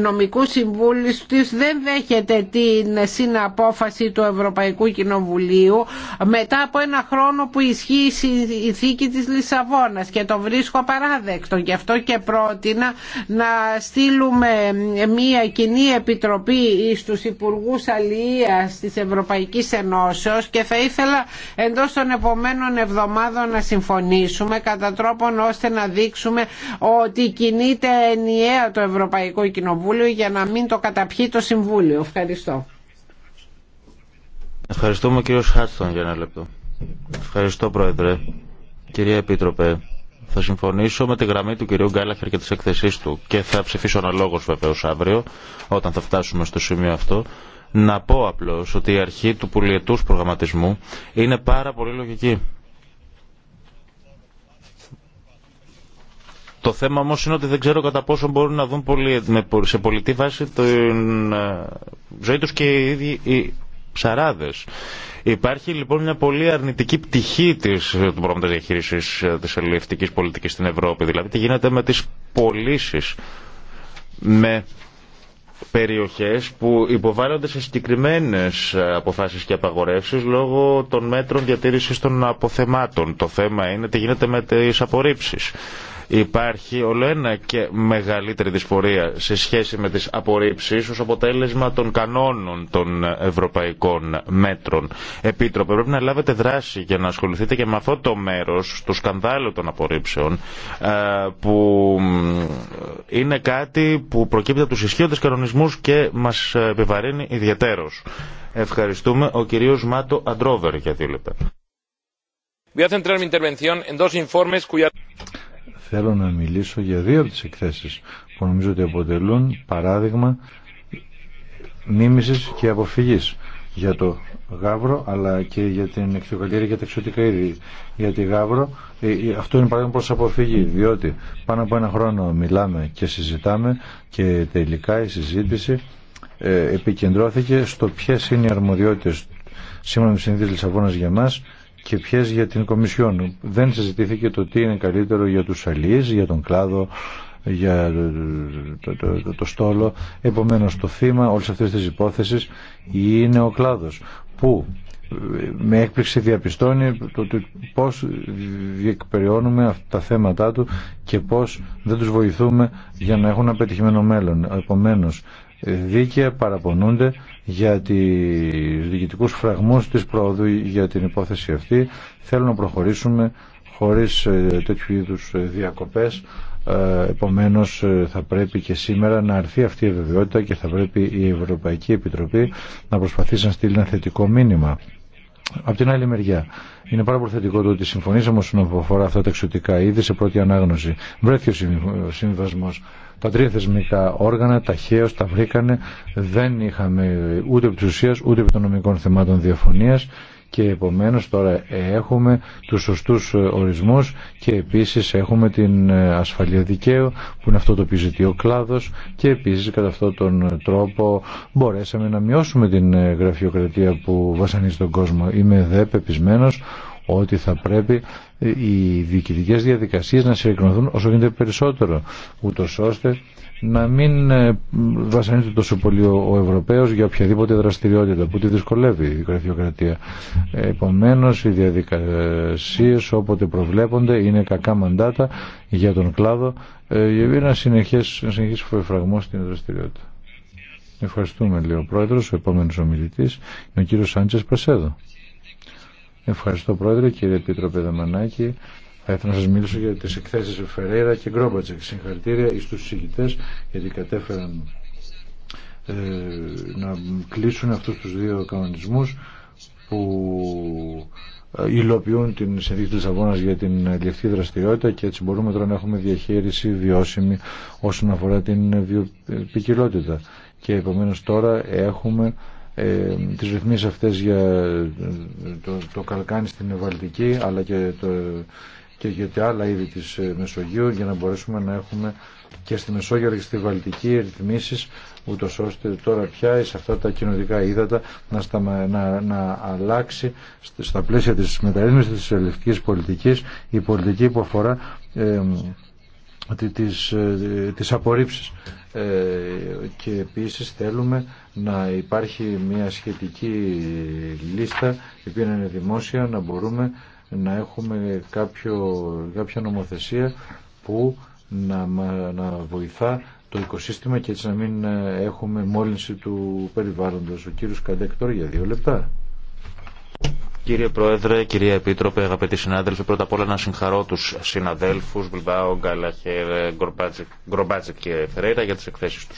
Speaker 1: νομικούς συμβούλους της δεν δέχεται την συναπόφαση του Ευρωπαϊκού Κοινοβουλίου μετά από ένα χρόνο που ισχύει η θήκη της Λισαβόνας και το βρίσκω παράδεκτο. Γι' αυτό και πρότεινα να στείλουμε μια κοινή επιτροπή στους Υπουργούς Αλληλείας της Ευρωπαϊκής Ενώσεως και θα ήθελα εντός των επομένων εβδομάδων να συμφωνήσουμε κατά τρόπον ώστε να δείξουμε ότι κινείται ενιαία το Ευρωπαϊκό Κοινοβούλιο για να μην το καταπιεί το Συμβούλιο. Ευχαριστώ.
Speaker 4: Ευχαριστούμε κύριο Χάτστον για ένα λεπτό. Ευχαριστώ Πρόεδρε. Κυρία Επίτροπε, θα συμφωνήσω με τη γραμμή του κυρίου Γκάλαχερ και τις εκθεσής του και θα ψηφίσω αναλόγω βεβαίως αύριο όταν θα φτάσουμε στο σημείο αυτό. Να πω απλώς ότι η αρχή του πολιετού προγραμματισμού είναι πάρα πολύ λογική. Το θέμα όμω είναι ότι δεν ξέρω κατά πόσο μπορούν να δουν σε πολιτή βάση την ε, ζωή του και οι ίδιοι οι ψαράδε. Υπάρχει λοιπόν μια πολύ αρνητική πτυχή της, ε, του πρόγραμματο διαχείριση ε, τη ελληνική πολιτική στην Ευρώπη. Δηλαδή, τι γίνεται με τι πωλήσει, με περιοχές που υποβάλλονται σε συγκεκριμένες ε, αποφάσεις και απαγορεύσεις λόγω των μέτρων διατήρησης των αποθεμάτων. Το θέμα είναι τι γίνεται με τις απορρίψεις. Υπάρχει όλο ένα και μεγαλύτερη δυσφορία σε σχέση με τις απορρίψεις ως αποτέλεσμα των κανόνων των ευρωπαϊκών μέτρων. Επίτροπε, πρέπει να λάβετε δράση για να ασχοληθείτε και με αυτό το μέρος του σκανδάλου των απορρίψεων που είναι κάτι που προκύπτει από τους ισχύοντες κανονισμούς και μας επιβαρύνει ιδιαίτερος. Ευχαριστούμε. Ο κύριος Μάτο Αντρόβερ για δύο
Speaker 3: λεπτά θέλω να μιλήσω για δύο από τις εκθέσεις που νομίζω ότι αποτελούν παράδειγμα μίμησης και αποφυγής για το γάβρο αλλά και για την εκτιοκαλλιέργεια και τα εξωτικά είδη για τη γάβρο ε, ε, αυτό είναι παράδειγμα προς αποφυγή διότι πάνω από ένα χρόνο μιλάμε και συζητάμε και τελικά η συζήτηση ε, επικεντρώθηκε στο ποιε είναι οι αρμοδιότητες σήμερα με συνήθειες Λισαβόνας για μας και ποιες για την Κομισιόν. Δεν συζητήθηκε το τι είναι καλύτερο για τους αλείς, για τον κλάδο, για το, το, στόλο. Επομένως το θύμα όλες αυτές τις υπόθεσεις είναι ο κλάδος που ε, με έκπληξη διαπιστώνει το, πώς διεκπεριώνουμε αυτά τα θέματα του και πώς δεν τους βοηθούμε για να έχουν ένα μέλλον. Επομένως, δίκαια παραπονούνται για τις διοικητικούς φραγμούς της πρόοδου για την υπόθεση αυτή. Θέλω να προχωρήσουμε χωρίς ε, τέτοιου είδους ε, διακοπές. Ε, επομένως θα πρέπει και σήμερα να αρθεί αυτή η βεβαιότητα και θα πρέπει η Ευρωπαϊκή Επιτροπή να προσπαθήσει να στείλει ένα θετικό μήνυμα. Απ' την άλλη μεριά, είναι πάρα πολύ θετικό το ότι συμφωνήσαμε όσον αφορά αυτά τα εξωτικά είδη σε πρώτη ανάγνωση. Βρέθηκε ο συμβασμό. Τα τρία θεσμικά όργανα ταχαίω τα βρήκανε. Δεν είχαμε ούτε επί ούτε επί των θεμάτων διαφωνία και επομένως τώρα έχουμε τους σωστούς ε, ορισμούς και επίσης έχουμε την ε, ασφαλεία δικαίου που είναι αυτό το οποίο ο κλάδος και επίσης κατά αυτόν τον τρόπο μπορέσαμε να μειώσουμε την ε, γραφειοκρατία που βασανίζει τον κόσμο. Είμαι δε ότι θα πρέπει οι διοικητικέ διαδικασίες να συρρυκνωθούν όσο γίνεται περισσότερο, ούτω ώστε να μην ε, βασανίζεται τόσο πολύ ο Ευρωπαίος για οποιαδήποτε δραστηριότητα που τη δυσκολεύει η γραφειοκρατία. Επομένως, οι διαδικασίες όποτε προβλέπονται είναι κακά μαντάτα για τον κλάδο ε, για να συνεχίσει, ο συνεχίσει φραγμό στην δραστηριότητα. Ευχαριστούμε, λέει ο Πρόεδρος, ο επόμενος ομιλητή, είναι ο κύριος Σάντσες Πρεσέδο. Ευχαριστώ Πρόεδρε, κύριε Επίτροπε Δαμανάκη. Θα ήθελα να σας μιλήσω για τις εκθέσεις Φεραίρα και Γκρόμπατσεκ. Συγχαρητήρια εις τους συγκητές γιατί κατέφεραν ε, να κλείσουν αυτούς τους δύο κανονισμούς που ε, υλοποιούν την συνθήκη της Λισαβόνας για την λευτή δραστηριότητα και έτσι μπορούμε τώρα να έχουμε διαχείριση βιώσιμη όσον αφορά την βιοπικιλότητα. Και επομένως τώρα έχουμε ε, τις ρυθμίσεις αυτές για ε, το, το καλκάνι στην Βαλτική αλλά και, το, και για τα άλλα είδη της ε, Μεσογείου για να μπορέσουμε να έχουμε και στη Μεσόγειο και στη Βαλτική ρυθμίσεις ούτω ώστε τώρα πια σε αυτά τα κοινωτικά ύδατα να, να, να αλλάξει στα πλαίσια της μεταρρύθμισης της ελληνικής πολιτικής η πολιτική που αφορά ε, τις, ε, τις απορρίψεις ε, και επίσης θέλουμε να υπάρχει μια σχετική λίστα η οποία είναι δημόσια να μπορούμε να έχουμε κάποιο, κάποια νομοθεσία που να, να βοηθά το οικοσύστημα και έτσι να μην έχουμε μόλυνση του περιβάλλοντος. Ο κύριος Καντέκτορ για δύο λεπτά.
Speaker 4: Κύριε Πρόεδρε, κυρία Επίτροπε, αγαπητοί συνάδελφοι, πρώτα απ' όλα να συγχαρώ του συναδέλφου Μπιλμπάου, Γκάλαχερ, Γκρομπάτζικ και Φεραίρα για τι εκθέσει του.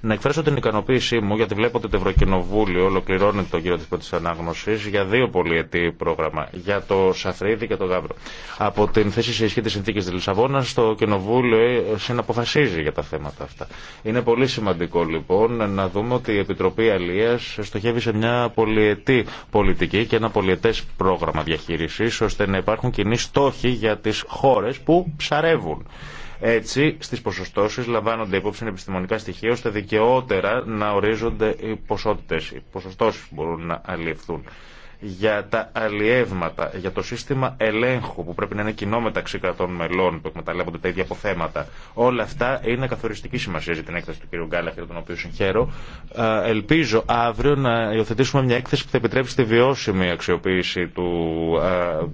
Speaker 4: Να εκφράσω την ικανοποίησή μου γιατί βλέπω ότι το Ευρωκοινοβούλιο ολοκληρώνεται το γύρο τη πρώτη ανάγνωση για δύο πολυετή πρόγραμμα. Για το Σαφρίδι και το Γάβρο. Από την θέση σε ισχύ τη συνθήκη τη Λισαβόνα, το Κοινοβούλιο ε, συναποφασίζει για τα θέματα αυτά. Είναι πολύ σημαντικό λοιπόν να δούμε ότι η Επιτροπή Αλία στοχεύει σε μια πολυετή πολιτική και ένα πολυετέ πρόγραμμα διαχείριση, ώστε να υπάρχουν κοινοί στόχοι για τι χώρε που ψαρεύουν. Έτσι, στις ποσοστώσει λαμβάνονται υπόψη επιστημονικά στοιχεία ώστε δικαιότερα να ορίζονται οι ποσότητες, οι ποσοστώσεις που μπορούν να αλληλευθούν για τα αλλιεύματα, για το σύστημα ελέγχου που πρέπει να είναι κοινό μεταξύ κρατών μελών που εκμεταλλεύονται τα ίδια αποθέματα. Όλα αυτά είναι καθοριστική σημασία για την έκθεση του κ. Γκάλαχερ, τον οποίο συγχαίρω. Ελπίζω αύριο να υιοθετήσουμε μια έκθεση που θα επιτρέψει τη βιώσιμη αξιοποίηση του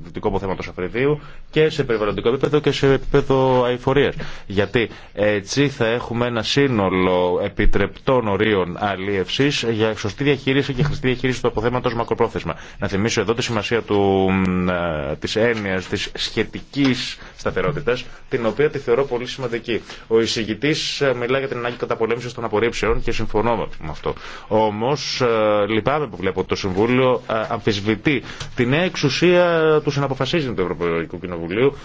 Speaker 4: δυτικού αποθέματο Αφριδίου και σε περιβαλλοντικό επίπεδο και σε επίπεδο αηφορία. Γιατί έτσι θα έχουμε ένα σύνολο επιτρεπτών ορίων αλλίευση για σωστή διαχείριση και χρηστή διαχείριση του αποθέματο μακροπρόθεσμα. Να θυμίσω εδώ τη σημασία του, της έννοιας της σχετικής σταθερότητας, την οποία τη θεωρώ πολύ σημαντική. Ο εισηγητής ε, μιλά για την ανάγκη καταπολέμησης των απορρίψεων και συμφωνώ με αυτό. Όμως ε, λυπάμαι που βλέπω ότι το Συμβούλιο ε, αμφισβητεί την νέα εξουσία του συναποφασίζει του Ευρωπαϊκού Κοινοβουλίου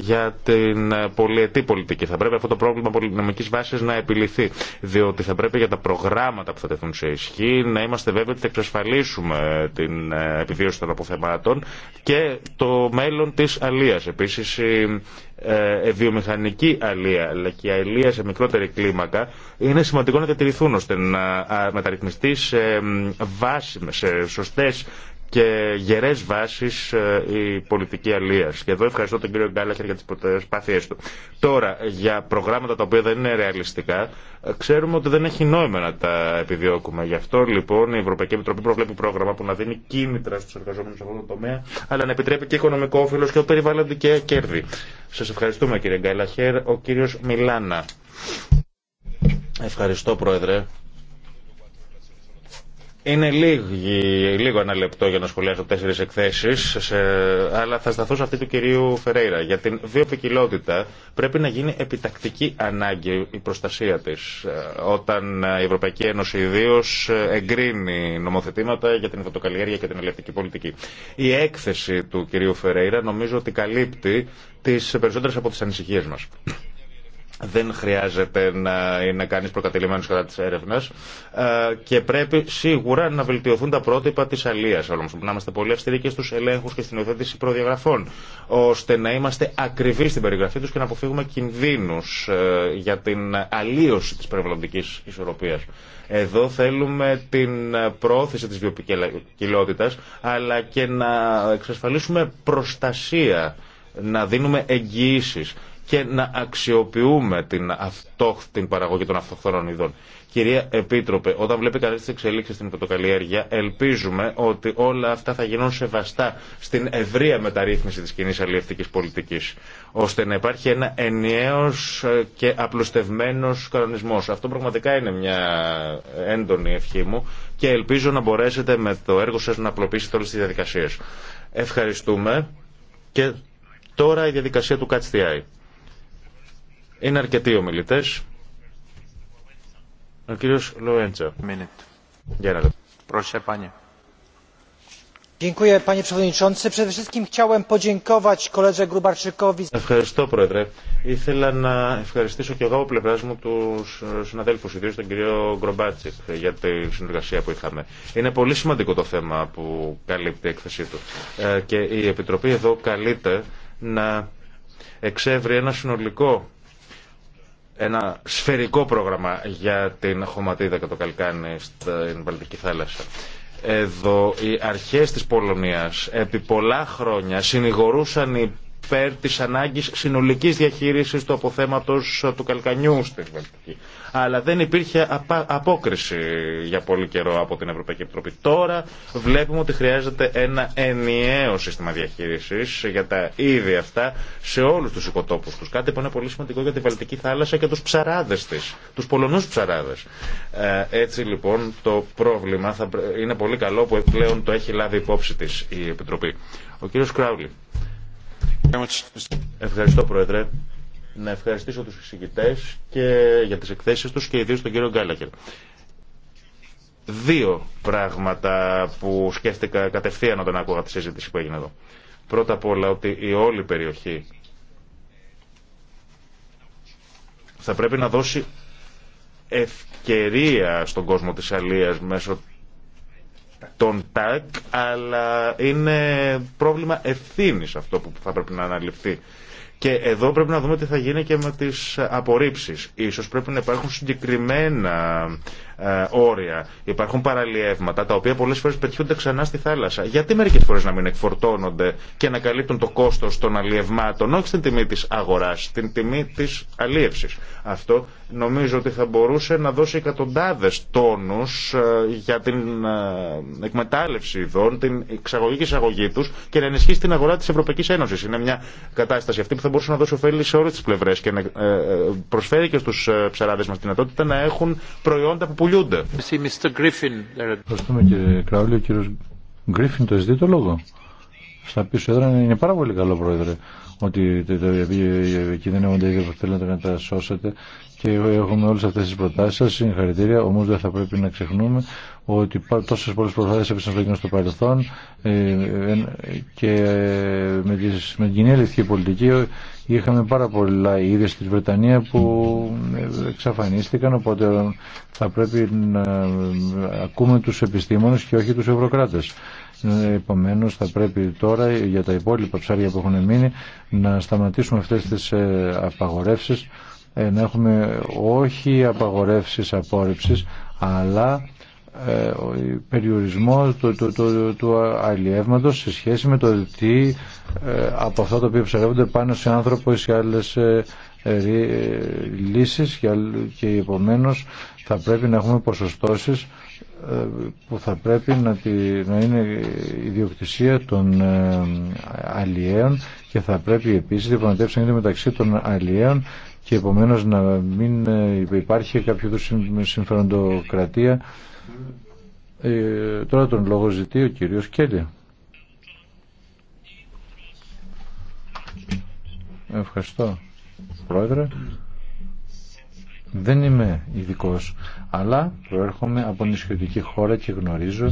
Speaker 4: για την πολιετή πολιτική. Θα πρέπει αυτό το πρόβλημα πολυδυναμικής βάσης να επιληθεί, διότι θα πρέπει για τα προγράμματα που θα τεθούν σε ισχύ να είμαστε βέβαιοι ότι θα εξασφαλίσουμε την ε, επιβίωση των αποθεμάτων και το μέλλον της αλίας. Επίσης η ε, βιομηχανική αλία αλλά και η σε μικρότερη κλίμακα είναι σημαντικό να διατηρηθούν ώστε να μεταρρυθμιστεί σε βάση, σε σωστές και γερέ βάσει ε, η πολιτική αλεία. Και εδώ ευχαριστώ τον κύριο Γκάλαχερ για τι προσπάθειέ του. Τώρα, για προγράμματα τα οποία δεν είναι ρεαλιστικά, ε, ξέρουμε ότι δεν έχει νόημα να τα επιδιώκουμε. Γι' αυτό λοιπόν η Ευρωπαϊκή Επιτροπή προβλέπει πρόγραμμα που να δίνει κίνητρα στου εργαζόμενου σε αυτό το τομέα, αλλά να επιτρέπει και οικονομικό όφελο και περιβαλλοντικά κέρδη. Σα ευχαριστούμε κύριε Γκάλαχερ. Ο κύριο Μιλάνα. Ευχαριστώ πρόεδρε. Είναι λίγη, λίγο ένα λεπτό για να σχολιάσω τέσσερι εκθέσει, αλλά θα σταθώ σε αυτή του κυρίου Φερέιρα. Για την βιοπικιλότητα πρέπει να γίνει επιτακτική ανάγκη η προστασία τη. Ε, όταν ε, η Ευρωπαϊκή Ένωση ιδίω ε, εγκρίνει νομοθετήματα για την φωτοκαλλιέργεια και την ελευθερική πολιτική. Η έκθεση του κυρίου Φερέιρα νομίζω ότι καλύπτει τι περισσότερε από τι ανησυχίε μα δεν χρειάζεται να είναι κανείς προκατελημένος κατά της έρευνας ε, και πρέπει σίγουρα να βελτιωθούν τα πρότυπα της αλίας όμως, να είμαστε πολύ αυστηροί και στους ελέγχους και στην οθέτηση προδιαγραφών ώστε να είμαστε ακριβείς στην περιγραφή τους και να αποφύγουμε κινδύνους ε, για την αλλίωση της περιβαλλοντικής ισορροπίας. Εδώ θέλουμε την πρόθεση της βιοποικιλότητας αλλά και να εξασφαλίσουμε προστασία να δίνουμε εγγυήσει και να αξιοποιούμε την, την παραγωγή των αυτοχθόνων ειδών. Κυρία Επίτροπε, όταν βλέπει κανεί τι εξελίξει στην πρωτοκαλλιέργεια, ελπίζουμε ότι όλα αυτά θα γίνουν σεβαστά στην ευρεία μεταρρύθμιση τη κοινή αλληλευτική πολιτική, ώστε να υπάρχει ένα ενιαίο και απλουστευμένο κανονισμό. Αυτό πραγματικά είναι μια έντονη ευχή μου και ελπίζω να μπορέσετε με το έργο σα να απλοποιήσετε όλε τι διαδικασίε. Ευχαριστούμε και τώρα η διαδικασία του ΚΑΤΣΤΙΑΗ. Είναι αρκετοί ομιλητέ. Ο κύριο Λουέντσα.
Speaker 3: Για ένα λεπτό. Πρόσε πάνε. Ευχαριστώ πρόεδρε. Ήθελα
Speaker 4: να ευχαριστήσω και εγώ από πλευρά μου του συναδέλφου, ιδίω τον κύριο Γκρομπάτσικ, για τη συνεργασία που είχαμε. Είναι πολύ σημαντικό το θέμα που καλύπτει η έκθεσή του. Ε, και η Επιτροπή εδώ καλείται να εξεύρει ένα συνολικό ένα σφαιρικό πρόγραμμα για την χωματίδα και το καλκάνι στην Βαλτική θάλασσα. Εδώ οι αρχές της Πολωνίας επί πολλά χρόνια συνηγορούσαν υπέρ της ανάγκης συνολικής διαχείρισης του αποθέματος του Καλκανιού στην Βαλτική. Αλλά δεν υπήρχε απόκριση για πολύ καιρό από την Ευρωπαϊκή Επιτροπή. Τώρα βλέπουμε ότι χρειάζεται ένα ενιαίο σύστημα διαχείρισης για τα ίδια αυτά σε όλους τους οικοτόπους τους. Κάτι που είναι πολύ σημαντικό για τη Βαλτική θάλασσα και τους ψαράδες της, τους πολωνούς ψαράδες. Ε, έτσι λοιπόν το πρόβλημα θα, είναι πολύ καλό που πλέον το έχει λάβει υπόψη της η Επιτροπή. Ο κύριος Κράουλη. Ευχαριστώ, Πρόεδρε. Να ευχαριστήσω τους εισηγητές και για τις εκθέσεις τους και ιδίως τον κύριο Γκάλακερ. Δύο πράγματα που σκέφτηκα κατευθείαν όταν άκουγα τη συζήτηση που έγινε εδώ. Πρώτα απ' όλα ότι η όλη περιοχή θα πρέπει να δώσει ευκαιρία στον κόσμο της Αλίας μέσω τον ΤΑΚ, αλλά είναι πρόβλημα ευθύνη αυτό που θα πρέπει να αναλυφθεί. Και εδώ πρέπει να δούμε τι θα γίνει και με τις απορρίψεις. Ίσως πρέπει να υπάρχουν συγκεκριμένα ε, όρια. Υπάρχουν παραλιεύματα τα οποία πολλέ φορέ πετιούνται ξανά στη θάλασσα. Γιατί μερικέ φορέ να μην εκφορτώνονται και να καλύπτουν το κόστο των αλλιευμάτων, όχι στην τιμή τη αγορά, στην τιμή τη αλλίευση. Αυτό νομίζω ότι θα μπορούσε να δώσει εκατοντάδε τόνου ε, για την ε, εκμετάλλευση ειδών, την εξαγωγή και εισαγωγή του και να ενισχύσει την αγορά τη Ευρωπαϊκή Ένωση. Είναι μια κατάσταση αυτή που θα μπορούσε να δώσει ωφέλη σε όλε τι πλευρέ και να προσφέρει και στου ψαράδε μα δυνατότητα να έχουν προϊόντα που πουλιούνται.
Speaker 3: Ευχαριστούμε κύριε Κράουλη. Ο κύριος Γκρίφιν το ζητεί το λόγο. Στα πίσω έδρα είναι πάρα πολύ καλό πρόεδρε ότι δεν κινδυνεύονται που θέλετε να τα σώσετε και έχουμε όλες αυτές τις προτάσεις σας, συγχαρητήρια, όμως δεν θα πρέπει να ξεχνούμε ότι τόσες πολλές προτάσεις έπεσαν στο παρελθόν ε, και ε, με, τις, με την κοινή αληθική πολιτική είχαμε πάρα πολλά είδη στη Βρετανία που ε, εξαφανίστηκαν οπότε θα πρέπει να ακούμε τους επιστήμονες και όχι τους ευρωκράτες. Επομένω, θα πρέπει τώρα για τα υπόλοιπα ψάρια που έχουν μείνει να σταματήσουμε αυτές τις απαγορεύσεις ε, να έχουμε όχι απαγορεύσεις απόρριψης αλλά ε, περιορισμό του, του, του, του αλλιεύματος σε σχέση με το τι ε, από αυτά τα οποία ψαρεύονται πάνω σε άνθρωπο ή σε άλλες λύσεις και επομένως θα πρέπει να έχουμε ποσοστώσεις που θα πρέπει να, τη, να είναι ιδιοκτησία των αλλιέων και θα πρέπει επίσης να είναι μεταξύ των αλλιέων και επομένως να μην ε, υπάρχει κάποιο συμφεροντοκρατία. Ε, τώρα τον λόγο ζητεί ο κύριος Κέλλη. Ευχαριστώ, Πρόεδρε. Δεν είμαι ειδικό, αλλά προέρχομαι από νησιωτική χώρα και γνωρίζω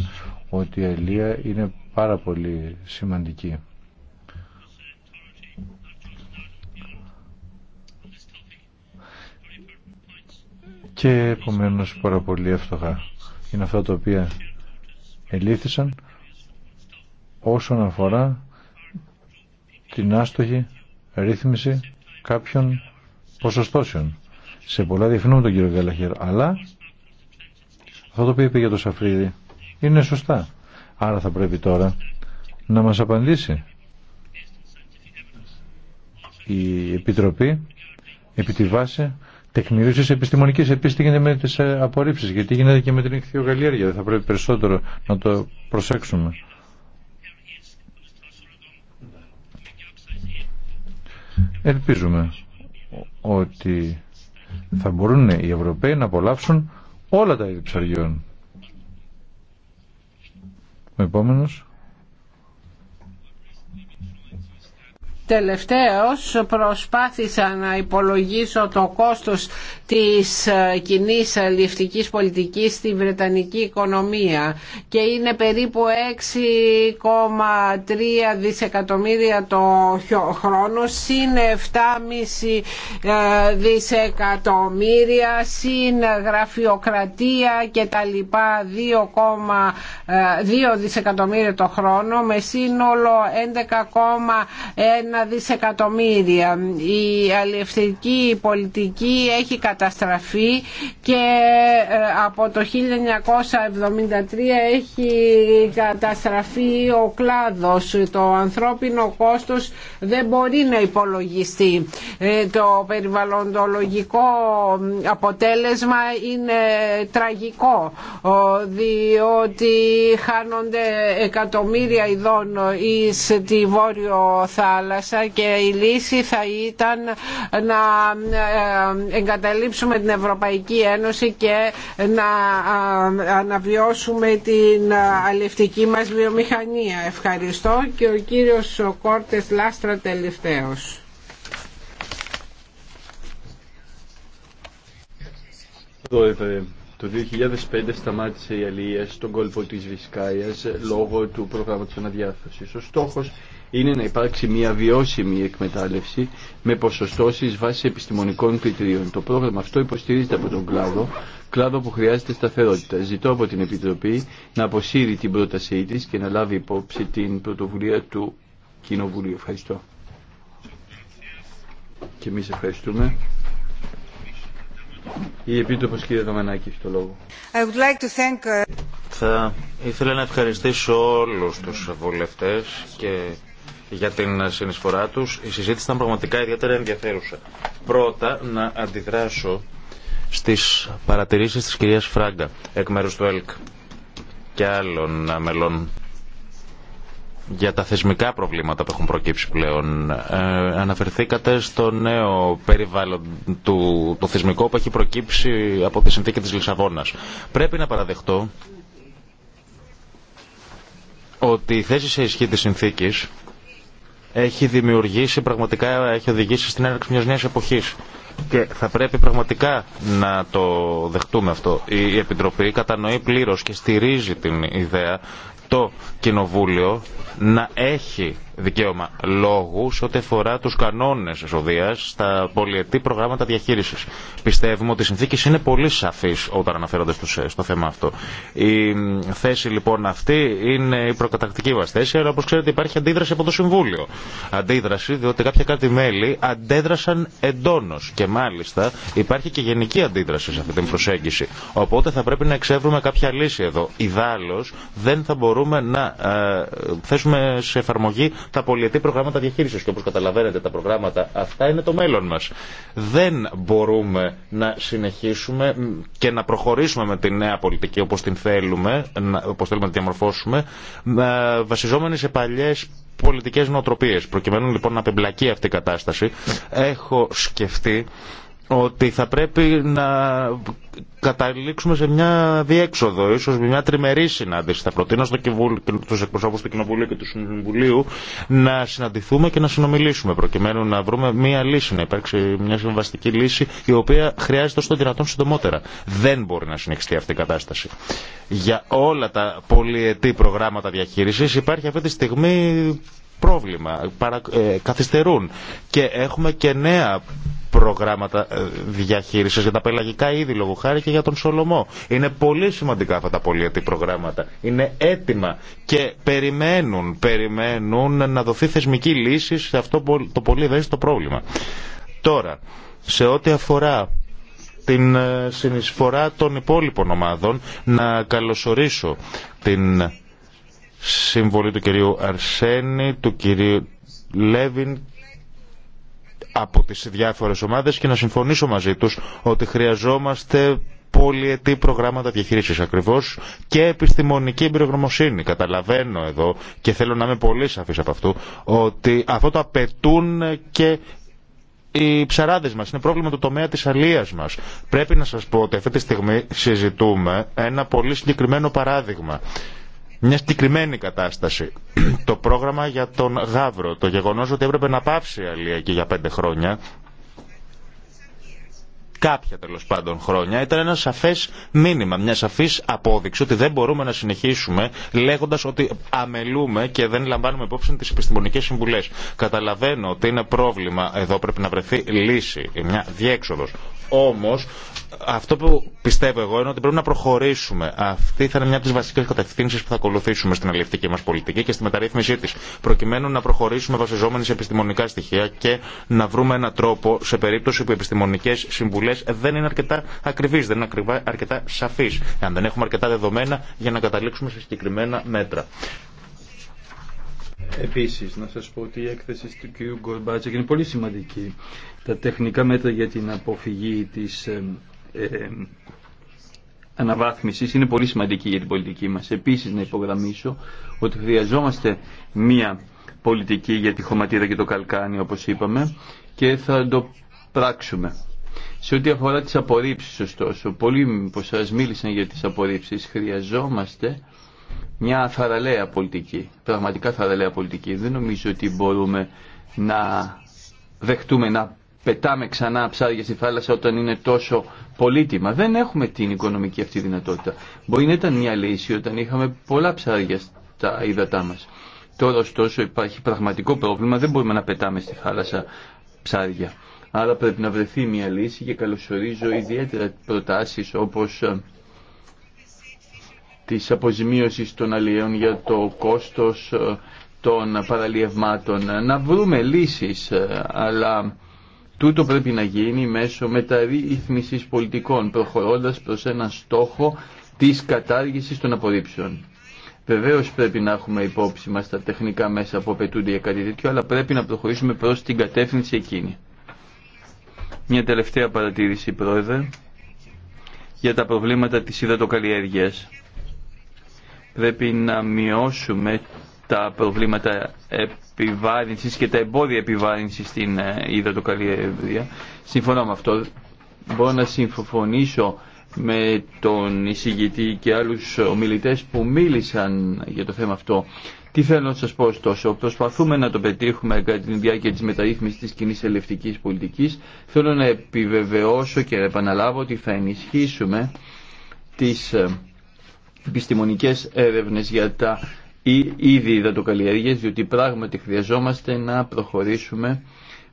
Speaker 3: ότι η Ελία είναι πάρα πολύ σημαντική. και επομένω πάρα πολύ εύστοχα Είναι αυτά τα οποία ελήφθησαν όσον αφορά την άστοχη ρύθμιση κάποιων ποσοστώσεων. Σε πολλά διευθυνούμε τον κύριο Γκαλαχέρ, αλλά αυτό το οποίο είπε για το Σαφρίδι είναι σωστά. Άρα θα πρέπει τώρα να μας απαντήσει η Επιτροπή επί τη βάση τεκμηρίωση επιστημονική. Επίση, γίνεται με τι ε, απορρίψει, γιατί γίνεται και με την δεν Θα πρέπει περισσότερο να το προσέξουμε. Ελπίζουμε ότι θα μπορούν οι Ευρωπαίοι να απολαύσουν όλα τα είδη ψαριών. Ο επόμενος.
Speaker 1: Τελευταίος προσπάθησα να υπολογίσω το κόστος της ε, κοινή ληφτικής πολιτικής στη Βρετανική οικονομία και είναι περίπου 6,3 δισεκατομμύρια το χρόνο συν 7,5 ε, δισεκατομμύρια συν γραφειοκρατία και τα λοιπά 2,2 ε, δισεκατομμύρια το χρόνο με σύνολο 11,1 δισεκατομμύρια. Η αλληλευτική πολιτική έχει καταστραφεί και ε, από το 1973 έχει καταστραφεί ο κλάδος. Το ανθρώπινο κόστος δεν μπορεί να υπολογιστεί. Ε, το περιβαλλοντολογικό αποτέλεσμα είναι τραγικό διότι χάνονται εκατομμύρια ειδών εις τη Βόρειο Θάλασσα θάλασσα και η λύση θα ήταν να ε, εγκαταλείψουμε την Ευρωπαϊκή Ένωση και να ε, αναβιώσουμε την αλληλευτική μας βιομηχανία. Ευχαριστώ και ο κύριος Κόρτες Λάστρα τελευταίος.
Speaker 6: το 2005 ε, σταμάτησε η αλληλεία στον κόλπο της Βισκάιας λόγω του προγράμματος αναδιάθρωσης. Ο στόχος είναι να υπάρξει μια βιώσιμη εκμετάλλευση με ποσοστώσεις βάσει επιστημονικών κριτηρίων. Το πρόγραμμα αυτό υποστηρίζεται από τον κλάδο, κλάδο που χρειάζεται σταθερότητα. Ζητώ από την Επιτροπή να αποσύρει την πρότασή τη και να λάβει υπόψη την πρωτοβουλία του Κοινοβουλίου. Ευχαριστώ. Και εμεί ευχαριστούμε. Η Επίτροπος κύριε Δαμανάκη έχει το λόγο.
Speaker 1: Uh,
Speaker 4: Θα ήθελα να ευχαριστήσω όλους τους βουλευτές και για την συνεισφορά τους. Η συζήτηση ήταν πραγματικά ιδιαίτερα ενδιαφέρουσα. Πρώτα, να αντιδράσω στις παρατηρήσεις της κυρίας Φράγκα, εκ μέρους του ΕΛΚ και άλλων μελών για τα θεσμικά προβλήματα που έχουν προκύψει πλέον. Ε, αναφερθήκατε στο νέο περιβάλλον του, το θεσμικό που έχει προκύψει από τη συνθήκη της Λισαβόνας. Πρέπει να παραδεχτώ ότι η θέση σε ισχύ της συνθήκης έχει δημιουργήσει πραγματικά, έχει οδηγήσει στην έναρξη μιας νέας εποχής. Και θα πρέπει πραγματικά να το δεχτούμε αυτό. Η Επιτροπή κατανοεί πλήρως και στηρίζει την ιδέα το Κοινοβούλιο να έχει δικαίωμα λόγου ό,τι αφορά του κανόνε εσοδεία στα πολιετή προγράμματα διαχείριση. Πιστεύουμε ότι οι συνθήκε είναι πολύ σαφεί όταν αναφέρονται στο, στο θέμα αυτό. Η θέση λοιπόν αυτή είναι η προκατακτική μα θέση, αλλά όπω ξέρετε υπάρχει αντίδραση από το Συμβούλιο. Αντίδραση διότι κάποια κάτι μέλη αντέδρασαν εντόνω και μάλιστα υπάρχει και γενική αντίδραση σε αυτή την προσέγγιση. Οπότε θα πρέπει να εξεύρουμε κάποια λύση εδώ. Ιδάλω δεν θα μπορούμε να ε, θέσουμε σε εφαρμογή τα πολιετή προγράμματα διαχείριση. Και όπω καταλαβαίνετε, τα προγράμματα αυτά είναι το μέλλον μα. Δεν μπορούμε να συνεχίσουμε και να προχωρήσουμε με τη νέα πολιτική όπω την θέλουμε, όπω θέλουμε να τη διαμορφώσουμε, βασιζόμενοι σε παλιέ πολιτικέ νοοτροπίες. Προκειμένου λοιπόν να απεμπλακεί αυτή η κατάσταση, έχω σκεφτεί ότι θα πρέπει να καταλήξουμε σε μια διέξοδο, ίσω με μια τριμερή συνάντηση. Θα προτείνω στο του εκπροσώπου του Κοινοβουλίου και του Συμβουλίου να συναντηθούμε και να συνομιλήσουμε, προκειμένου να βρούμε μια λύση, να υπάρξει μια συμβαστική λύση, η οποία χρειάζεται όσο το δυνατόν συντομότερα. Δεν μπορεί να συνεχιστεί αυτή η κατάσταση. Για όλα τα πολυετή προγράμματα διαχείριση υπάρχει αυτή τη στιγμή πρόβλημα, παρα, ε, καθυστερούν και έχουμε και νέα προγράμματα ε, διαχείρισης για τα πελαγικά είδη λόγω χάρη και για τον Σολομό. Είναι πολύ σημαντικά αυτά τα πολυετή προγράμματα. Είναι έτοιμα και περιμένουν, περιμένουν να δοθεί θεσμική λύση σε αυτό το πολύ ευαίσθητο πρόβλημα. Τώρα, σε ό,τι αφορά την ε, συνεισφορά των υπόλοιπων ομάδων, να καλωσορίσω την Συμβολή του κυρίου Αρσένη, του κυρίου Λέβιν από τις διάφορες ομάδες και να συμφωνήσω μαζί τους ότι χρειαζόμαστε πολυετή προγράμματα διαχείρισης ακριβώς και επιστημονική εμπειρογνωμοσύνη. Καταλαβαίνω εδώ και θέλω να είμαι πολύ σαφής από αυτού ότι αυτό το απαιτούν και οι ψαράδες μας. Είναι πρόβλημα το τομέα της αλίας μας. Πρέπει να σας πω ότι αυτή τη στιγμή συζητούμε ένα πολύ συγκεκριμένο παράδειγμα μια συγκεκριμένη κατάσταση. Το πρόγραμμα για τον Γαύρο, το γεγονό ότι έπρεπε να πάψει η Αλία και για πέντε χρόνια, κάποια τέλο πάντων χρόνια, ήταν ένα σαφέ μήνυμα, μια σαφή απόδειξη ότι δεν μπορούμε να συνεχίσουμε λέγοντα ότι αμελούμε και δεν λαμβάνουμε υπόψη τι επιστημονικέ συμβουλέ. Καταλαβαίνω ότι είναι πρόβλημα, εδώ πρέπει να βρεθεί λύση, μια διέξοδο. Όμω, αυτό που πιστεύω εγώ είναι ότι πρέπει να προχωρήσουμε. Αυτή θα είναι μια από τι βασικέ κατευθύνσει που θα ακολουθήσουμε στην αλληλευτική μα πολιτική και στη μεταρρύθμιση τη. Προκειμένου να προχωρήσουμε βασιζόμενοι σε επιστημονικά στοιχεία και να βρούμε έναν τρόπο σε περίπτωση που επιστημονικέ συμβουλέ δεν είναι αρκετά ακριβή, δεν είναι ακριβά, αρκετά σαφή. αν δεν έχουμε αρκετά δεδομένα
Speaker 6: για να καταλήξουμε σε συγκεκριμένα μέτρα. Επίσης, να σας πω ότι η έκθεση του κ. Γκορμπάτσεκ είναι πολύ σημαντική. Τα τεχνικά μέτρα για την αποφυγή της ε, ε, αναβάθμισης είναι πολύ σημαντική για την πολιτική μας. Επίση να υπογραμμίσω ότι χρειαζόμαστε μία πολιτική για τη χωματίδα και το καλκάνι, όπω είπαμε, και θα το πράξουμε. Σε ό,τι αφορά τις απορρίψεις, ωστόσο, πολλοί που σας μίλησαν για τις απορρίψεις, χρειαζόμαστε μια θαραλέα πολιτική, πραγματικά θαραλέα πολιτική. Δεν νομίζω ότι μπορούμε να δεχτούμε να πετάμε ξανά ψάρια στη θάλασσα όταν είναι τόσο πολύτιμα. Δεν έχουμε την οικονομική αυτή δυνατότητα. Μπορεί να ήταν μια λύση όταν είχαμε πολλά ψάρια στα ύδατά μας. Τώρα ωστόσο υπάρχει πραγματικό πρόβλημα, δεν μπορούμε να πετάμε στη θάλασσα ψάρια. Άρα πρέπει να βρεθεί μια λύση και καλωσορίζω ιδιαίτερα προτάσεις όπως ε, της αποζημίωσης των αλλιέων για το κόστος ε, των παραλιευμάτων. Να βρούμε λύσεις, ε, αλλά τούτο πρέπει να γίνει μέσω μεταρρύθμισης πολιτικών, προχωρώντας προς ένα στόχο της κατάργησης των απορρίψεων. Βεβαίω πρέπει να έχουμε υπόψη μα τα τεχνικά μέσα που απαιτούνται για κάτι τέτοιο, αλλά πρέπει να προχωρήσουμε προ την κατεύθυνση εκείνη. Μια τελευταία παρατήρηση, Πρόεδρε, για τα προβλήματα της υδατοκαλλιέργειας. Πρέπει να μειώσουμε τα προβλήματα επιβάρυνσης και τα εμπόδια επιβάρυνσης στην ε, υδατοκαλλιέργεια. Συμφωνώ με αυτό. Μπορώ να συμφωνήσω με τον εισηγητή και άλλους ομιλητές που μίλησαν για το θέμα αυτό. Τι θέλω να σας πω ωστόσο, προσπαθούμε να το πετύχουμε κατά τη διάρκεια της μεταρρύθμισης της κοινής ελευτικής πολιτικής. Θέλω να επιβεβαιώσω και να επαναλάβω ότι θα ενισχύσουμε τις ε, επιστημονικές έρευνες για τα ήδη υδατοκαλλιέργειες, διότι πράγματι χρειαζόμαστε να προχωρήσουμε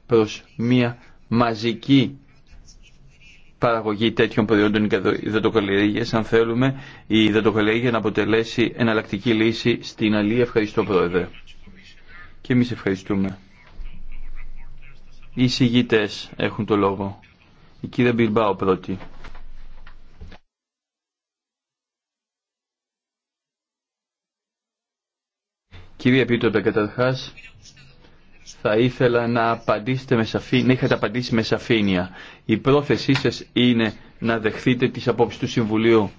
Speaker 6: προς μια μαζική παραγωγή τέτοιων προϊόντων υδατοκαλλιέργειας αν θέλουμε η υδατοκαλλιέργεια να αποτελέσει εναλλακτική λύση στην αλή. Ευχαριστώ Πρόεδρε. Και εμεί ευχαριστούμε. Οι συγγητές έχουν το λόγο. Η κυρία Μπιλμπάο πρώτη. Κυρία Πίτροπε, καταρχάς, θα ήθελα να, απαντήσετε με σαφήνεια, να είχατε απαντήσει με σαφήνεια. Η πρόθεσή σας είναι να δεχθείτε τις απόψεις του Συμβουλίου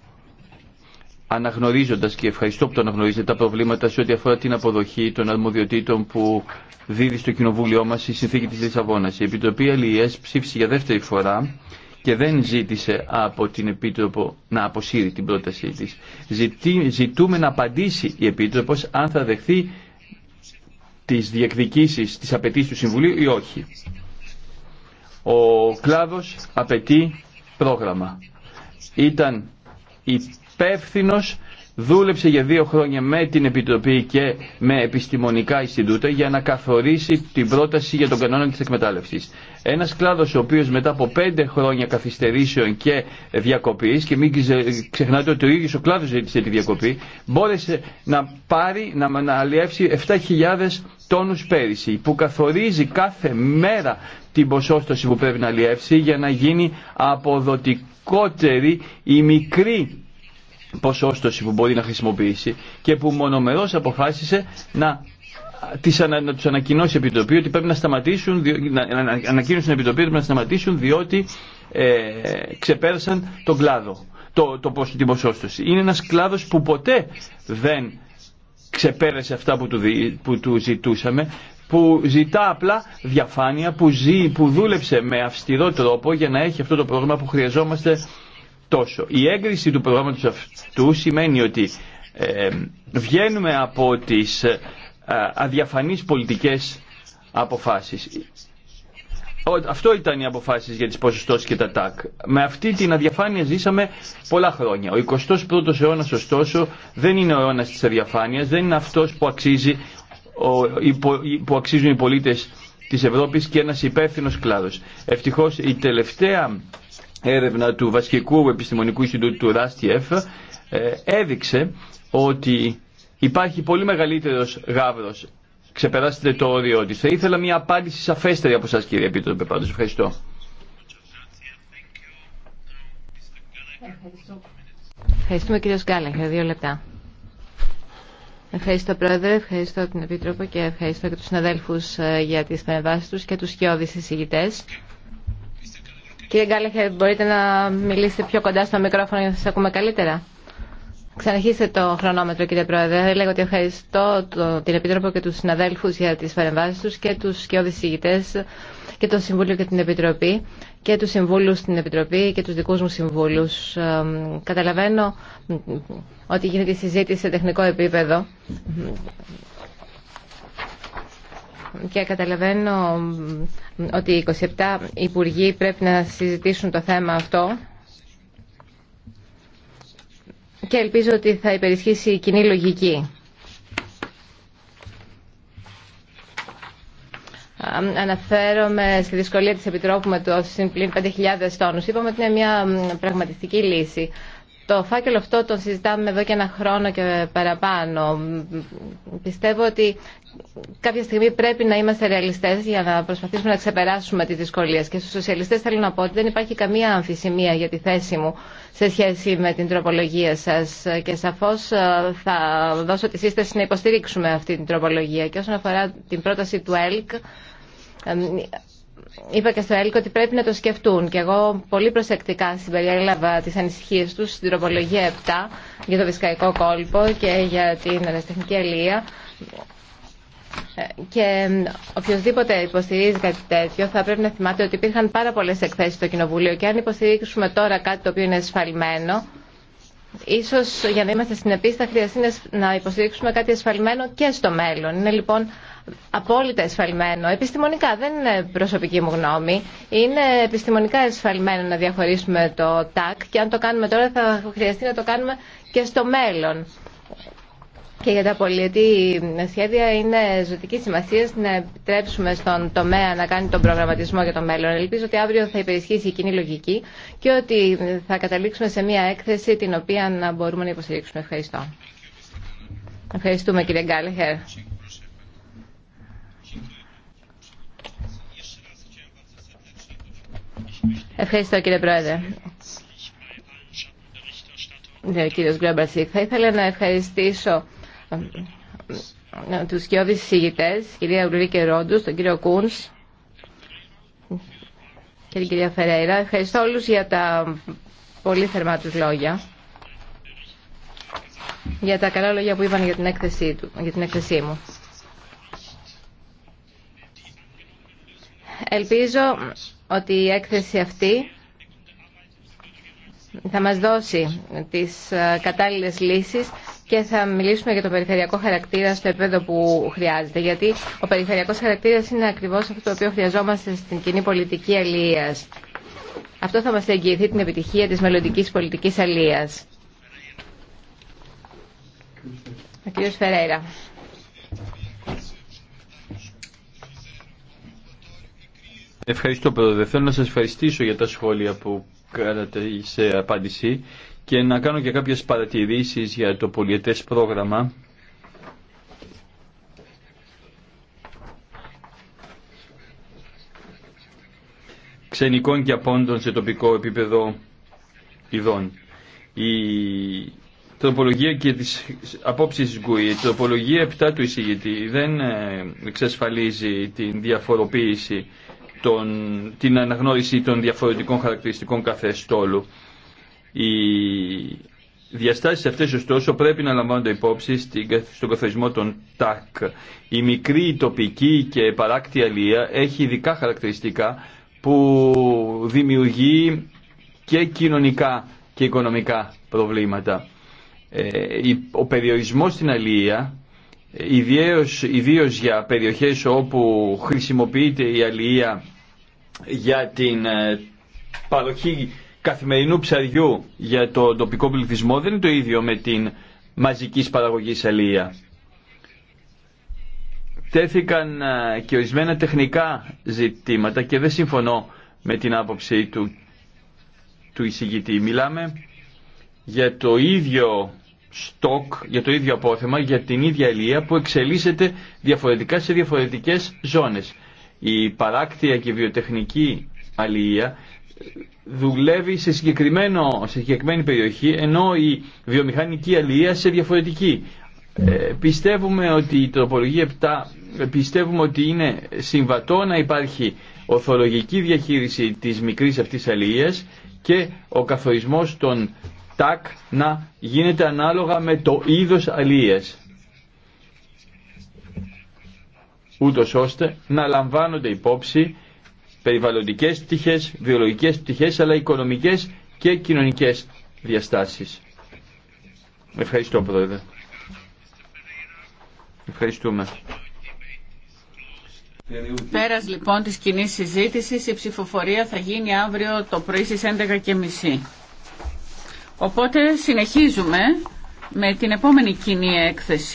Speaker 6: αναγνωρίζοντας και ευχαριστώ που το αναγνωρίζετε τα προβλήματα σε ό,τι αφορά την αποδοχή των αρμοδιοτήτων που δίδει στο Κοινοβούλιο μας η Συνθήκη της Λισαβόνας. Η Επιτροπή Αλληλείας ψήφισε για δεύτερη φορά και δεν ζήτησε από την Επίτροπο να αποσύρει την πρότασή της. Ζητή, ζητούμε να απαντήσει η Επίτροπος αν θα δεχθεί τις διεκδικήσεις, τις απαιτήσει του Συμβουλίου ή όχι. Ο κλάδος απαιτεί πρόγραμμα. Ήταν υπεύθυνο, δούλεψε για δύο χρόνια με την Επιτροπή και με επιστημονικά Ινστιτούτα για να καθορίσει την πρόταση για τον κανόνα της εκμετάλλευσης. Ένας κλάδος ο οποίος μετά από πέντε χρόνια καθυστερήσεων και διακοπής και μην ξεχνάτε ότι ο ίδιος ο κλάδος ζήτησε τη διακοπή μπόρεσε να πάρει, να, να αλλιεύσει 7.000 τόνους πέρυσι που καθορίζει κάθε μέρα την ποσόστοση που πρέπει να λιεύσει για να γίνει αποδοτικότερη η μικρή ποσόστοση που μπορεί να χρησιμοποιήσει και που μονομερός αποφάσισε να τις τους ανακοινώσει η Επιτροπή ότι πρέπει να σταματήσουν, να, να, την Επιτροπή να σταματήσουν διότι ε, ξεπέρασαν τον κλάδο, το, το, το, την ποσόστοση. Είναι ένας κλάδος που ποτέ δεν ξεπέρασε αυτά που του, που ζητούσαμε που ζητά απλά διαφάνεια, που, ζει, που δούλεψε με αυστηρό τρόπο για να έχει αυτό το πρόγραμμα που χρειαζόμαστε τόσο. Η έγκριση του προγράμματος αυτού σημαίνει ότι ε, βγαίνουμε από τις ε, αδιαφανείς πολιτικές αποφάσεις. Αυτό ήταν οι αποφάσει για τις ποσοστώσει και τα τάκ. Με αυτή την αδιαφάνεια ζήσαμε πολλά χρόνια. Ο 21ο αιώνα, ωστόσο, δεν είναι ο αιώνα τη αδιαφάνεια, δεν είναι αυτό που, αξίζει, που αξίζουν οι πολίτε τη αδιαφανεια δεν ειναι αυτο που αξιζει αξιζουν οι πολιτε τη ευρωπη και ένα υπεύθυνο κλάδος. Ευτυχώ η τελευταία έρευνα του βασικου Επιστημονικού Ινστιτούτου του Ράστιεφ έδειξε ότι υπάρχει πολύ μεγαλύτερος γάβρος ξεπεράσετε το όριό της. Θα ήθελα μια απάντηση σαφέστερη από σας κύριε Επίτροπε πάντως. Ευχαριστώ.
Speaker 7: Ευχαριστούμε κύριο Γκάλεχερ. Δύο λεπτά. Ευχαριστώ Πρόεδρε, ευχαριστώ την Επίτροπο και ευχαριστώ και τους συναδέλφους ε, για τις παρεμβάσεις τους και τους σκιώδεις εισηγητές. Κύριε Γκάλεχερ, μπορείτε να μιλήσετε πιο κοντά στο μικρόφωνο για να σας ακούμε καλύτερα. Ξαναρχίστε το χρονόμετρο, κύριε Πρόεδρε. Λέγω ότι ευχαριστώ την Επίτροπο και του συναδέλφου για τι παρεμβάσει του και τους και ηγητές και το Συμβούλιο και την Επιτροπή και του Συμβούλου στην Επιτροπή και τους δικού μου συμβούλους. Καταλαβαίνω ότι γίνεται η συζήτηση σε τεχνικό επίπεδο και καταλαβαίνω ότι οι 27 υπουργοί πρέπει να συζητήσουν το θέμα αυτό και ελπίζω ότι θα υπερισχύσει η κοινή λογική. Αναφέρομαι στη δυσκολία της Επιτρόπου με το συμπλήν 5.000 τόνους. Είπαμε ότι είναι μια πραγματιστική λύση. Το φάκελο αυτό το συζητάμε εδώ και ένα χρόνο και παραπάνω. Πιστεύω ότι κάποια στιγμή πρέπει να είμαστε ρεαλιστέ για να προσπαθήσουμε να ξεπεράσουμε τι δυσκολίε. Και στου σοσιαλιστέ θέλω να πω ότι δεν υπάρχει καμία αμφισημία για τη θέση μου σε σχέση με την τροπολογία σα. Και σαφώ ε, θα δώσω τη σύσταση να υποστηρίξουμε αυτή την τροπολογία. Και όσον αφορά την πρόταση του ΕΛΚ, ε, είπα και στο ΕΛΚ ότι πρέπει να το σκεφτούν και εγώ πολύ προσεκτικά συμπεριέλαβα τι ανησυχίε του στην τροπολογία 7 για το βυσκαϊκό κόλπο και για την αναστεχνική ελεία. και οποιοδήποτε υποστηρίζει κάτι τέτοιο θα πρέπει να θυμάται ότι υπήρχαν πάρα πολλέ εκθέσει στο Κοινοβούλιο και αν υποστηρίξουμε τώρα κάτι το οποίο είναι ασφαλμένο ίσω για να είμαστε συνεπεί θα χρειαστεί να υποστηρίξουμε κάτι ασφαλμένο και στο μέλλον. Είναι λοιπόν απόλυτα εσφαλμένο. Επιστημονικά δεν είναι προσωπική μου γνώμη. Είναι επιστημονικά εσφαλμένο να διαχωρίσουμε το ΤΑΚ και αν το κάνουμε τώρα θα χρειαστεί να το κάνουμε και στο μέλλον. Και για τα πολιετή σχέδια είναι ζωτική σημασία να επιτρέψουμε στον τομέα να κάνει τον προγραμματισμό για το μέλλον. Ελπίζω ότι αύριο θα υπερισχύσει η κοινή λογική και ότι θα καταλήξουμε σε μια έκθεση την οποία να μπορούμε να υποστηρίξουμε. Ευχαριστώ. Ευχαριστούμε κύριε Γκάλεχερ. Ευχαριστώ κύριε Πρόεδρε. Ναι, ο κύριο Γκλέμπαρσικ, θα ήθελα να ευχαριστήσω ε, ε, ε, του κοιόδης συζητητές, κυρία και Ρόντου, τον κύριο Κούνς και την κυρία Φερέιρα. Ευχαριστώ όλου για τα πολύ θερμά του λόγια για τα καλά λόγια που είπαν για την έκθεσή, του, για την έκθεσή μου. Ελπίζω ότι η έκθεση αυτή θα μας δώσει τις ε, κατάλληλες λύσεις και θα μιλήσουμε για το περιφερειακό χαρακτήρα στο επίπεδο που χρειάζεται. Γιατί ο περιφερειακός χαρακτήρας είναι ακριβώς αυτό το οποίο χρειαζόμαστε στην κοινή πολιτική αλληλείας. Αυτό θα μας εγγυηθεί την επιτυχία της μελλοντική πολιτικής αλληλείας. Ο
Speaker 6: Ευχαριστώ πρόεδρε. Θέλω να σας ευχαριστήσω για τα σχόλια που κάνατε σε απάντηση και να κάνω και κάποιες παρατηρήσεις για το πολιετές πρόγραμμα ξενικών και απόντων σε τοπικό επίπεδο ειδών. Η τροπολογία και τις απόψεις τη η τροπολογία 7 του εισηγητή δεν ε, εξασφαλίζει την διαφοροποίηση τον την αναγνώριση των διαφορετικών χαρακτηριστικών κάθε στόλου. Οι διαστάσεις αυτές ωστόσο πρέπει να λαμβάνονται υπόψη στον καθορισμό των ΤΑΚ. Η μικρή τοπική και παράκτη αλία έχει ειδικά χαρακτηριστικά που δημιουργεί και κοινωνικά και οικονομικά προβλήματα. Ε, ο περιορισμός στην αλία ε, ιδίως, ιδίως για περιοχές όπου χρησιμοποιείται η αλληλεία για την ε, παροχή καθημερινού ψαριού για το τοπικό πληθυσμό δεν είναι το ίδιο με την μαζικής παραγωγή αλληλεία. Τέθηκαν ε, και ορισμένα τεχνικά ζητήματα και δεν συμφωνώ με την άποψη του, του εισηγητή. Μιλάμε για το ίδιο στόκ, για το ίδιο απόθεμα, για την ίδια ελία που εξελίσσεται διαφορετικά σε διαφορετικές ζώνες. Η παράκτια και βιοτεχνική αλληλεία δουλεύει σε, συγκεκριμένο, συγκεκριμένη περιοχή, ενώ η βιομηχανική αλληλεία σε διαφορετική. Ε, πιστεύουμε ότι τροπολογία πιστεύουμε ότι είναι συμβατό να υπάρχει οθολογική διαχείριση της μικρής αυτής αλληλείας και ο καθορισμός των τάκ να γίνεται ανάλογα με το είδος αλληλείας. ούτως ώστε να λαμβάνονται υπόψη περιβαλλοντικές πτυχές, βιολογικές πτυχές, αλλά οικονομικές και κοινωνικές διαστάσεις. Ευχαριστώ, Πρόεδρε. Ευχαριστούμε.
Speaker 1: Πέρας λοιπόν της κοινή συζήτηση, η ψηφοφορία θα γίνει αύριο το πρωί στις 11.30. Οπότε συνεχίζουμε με την
Speaker 6: επόμενη κοινή έκθεση.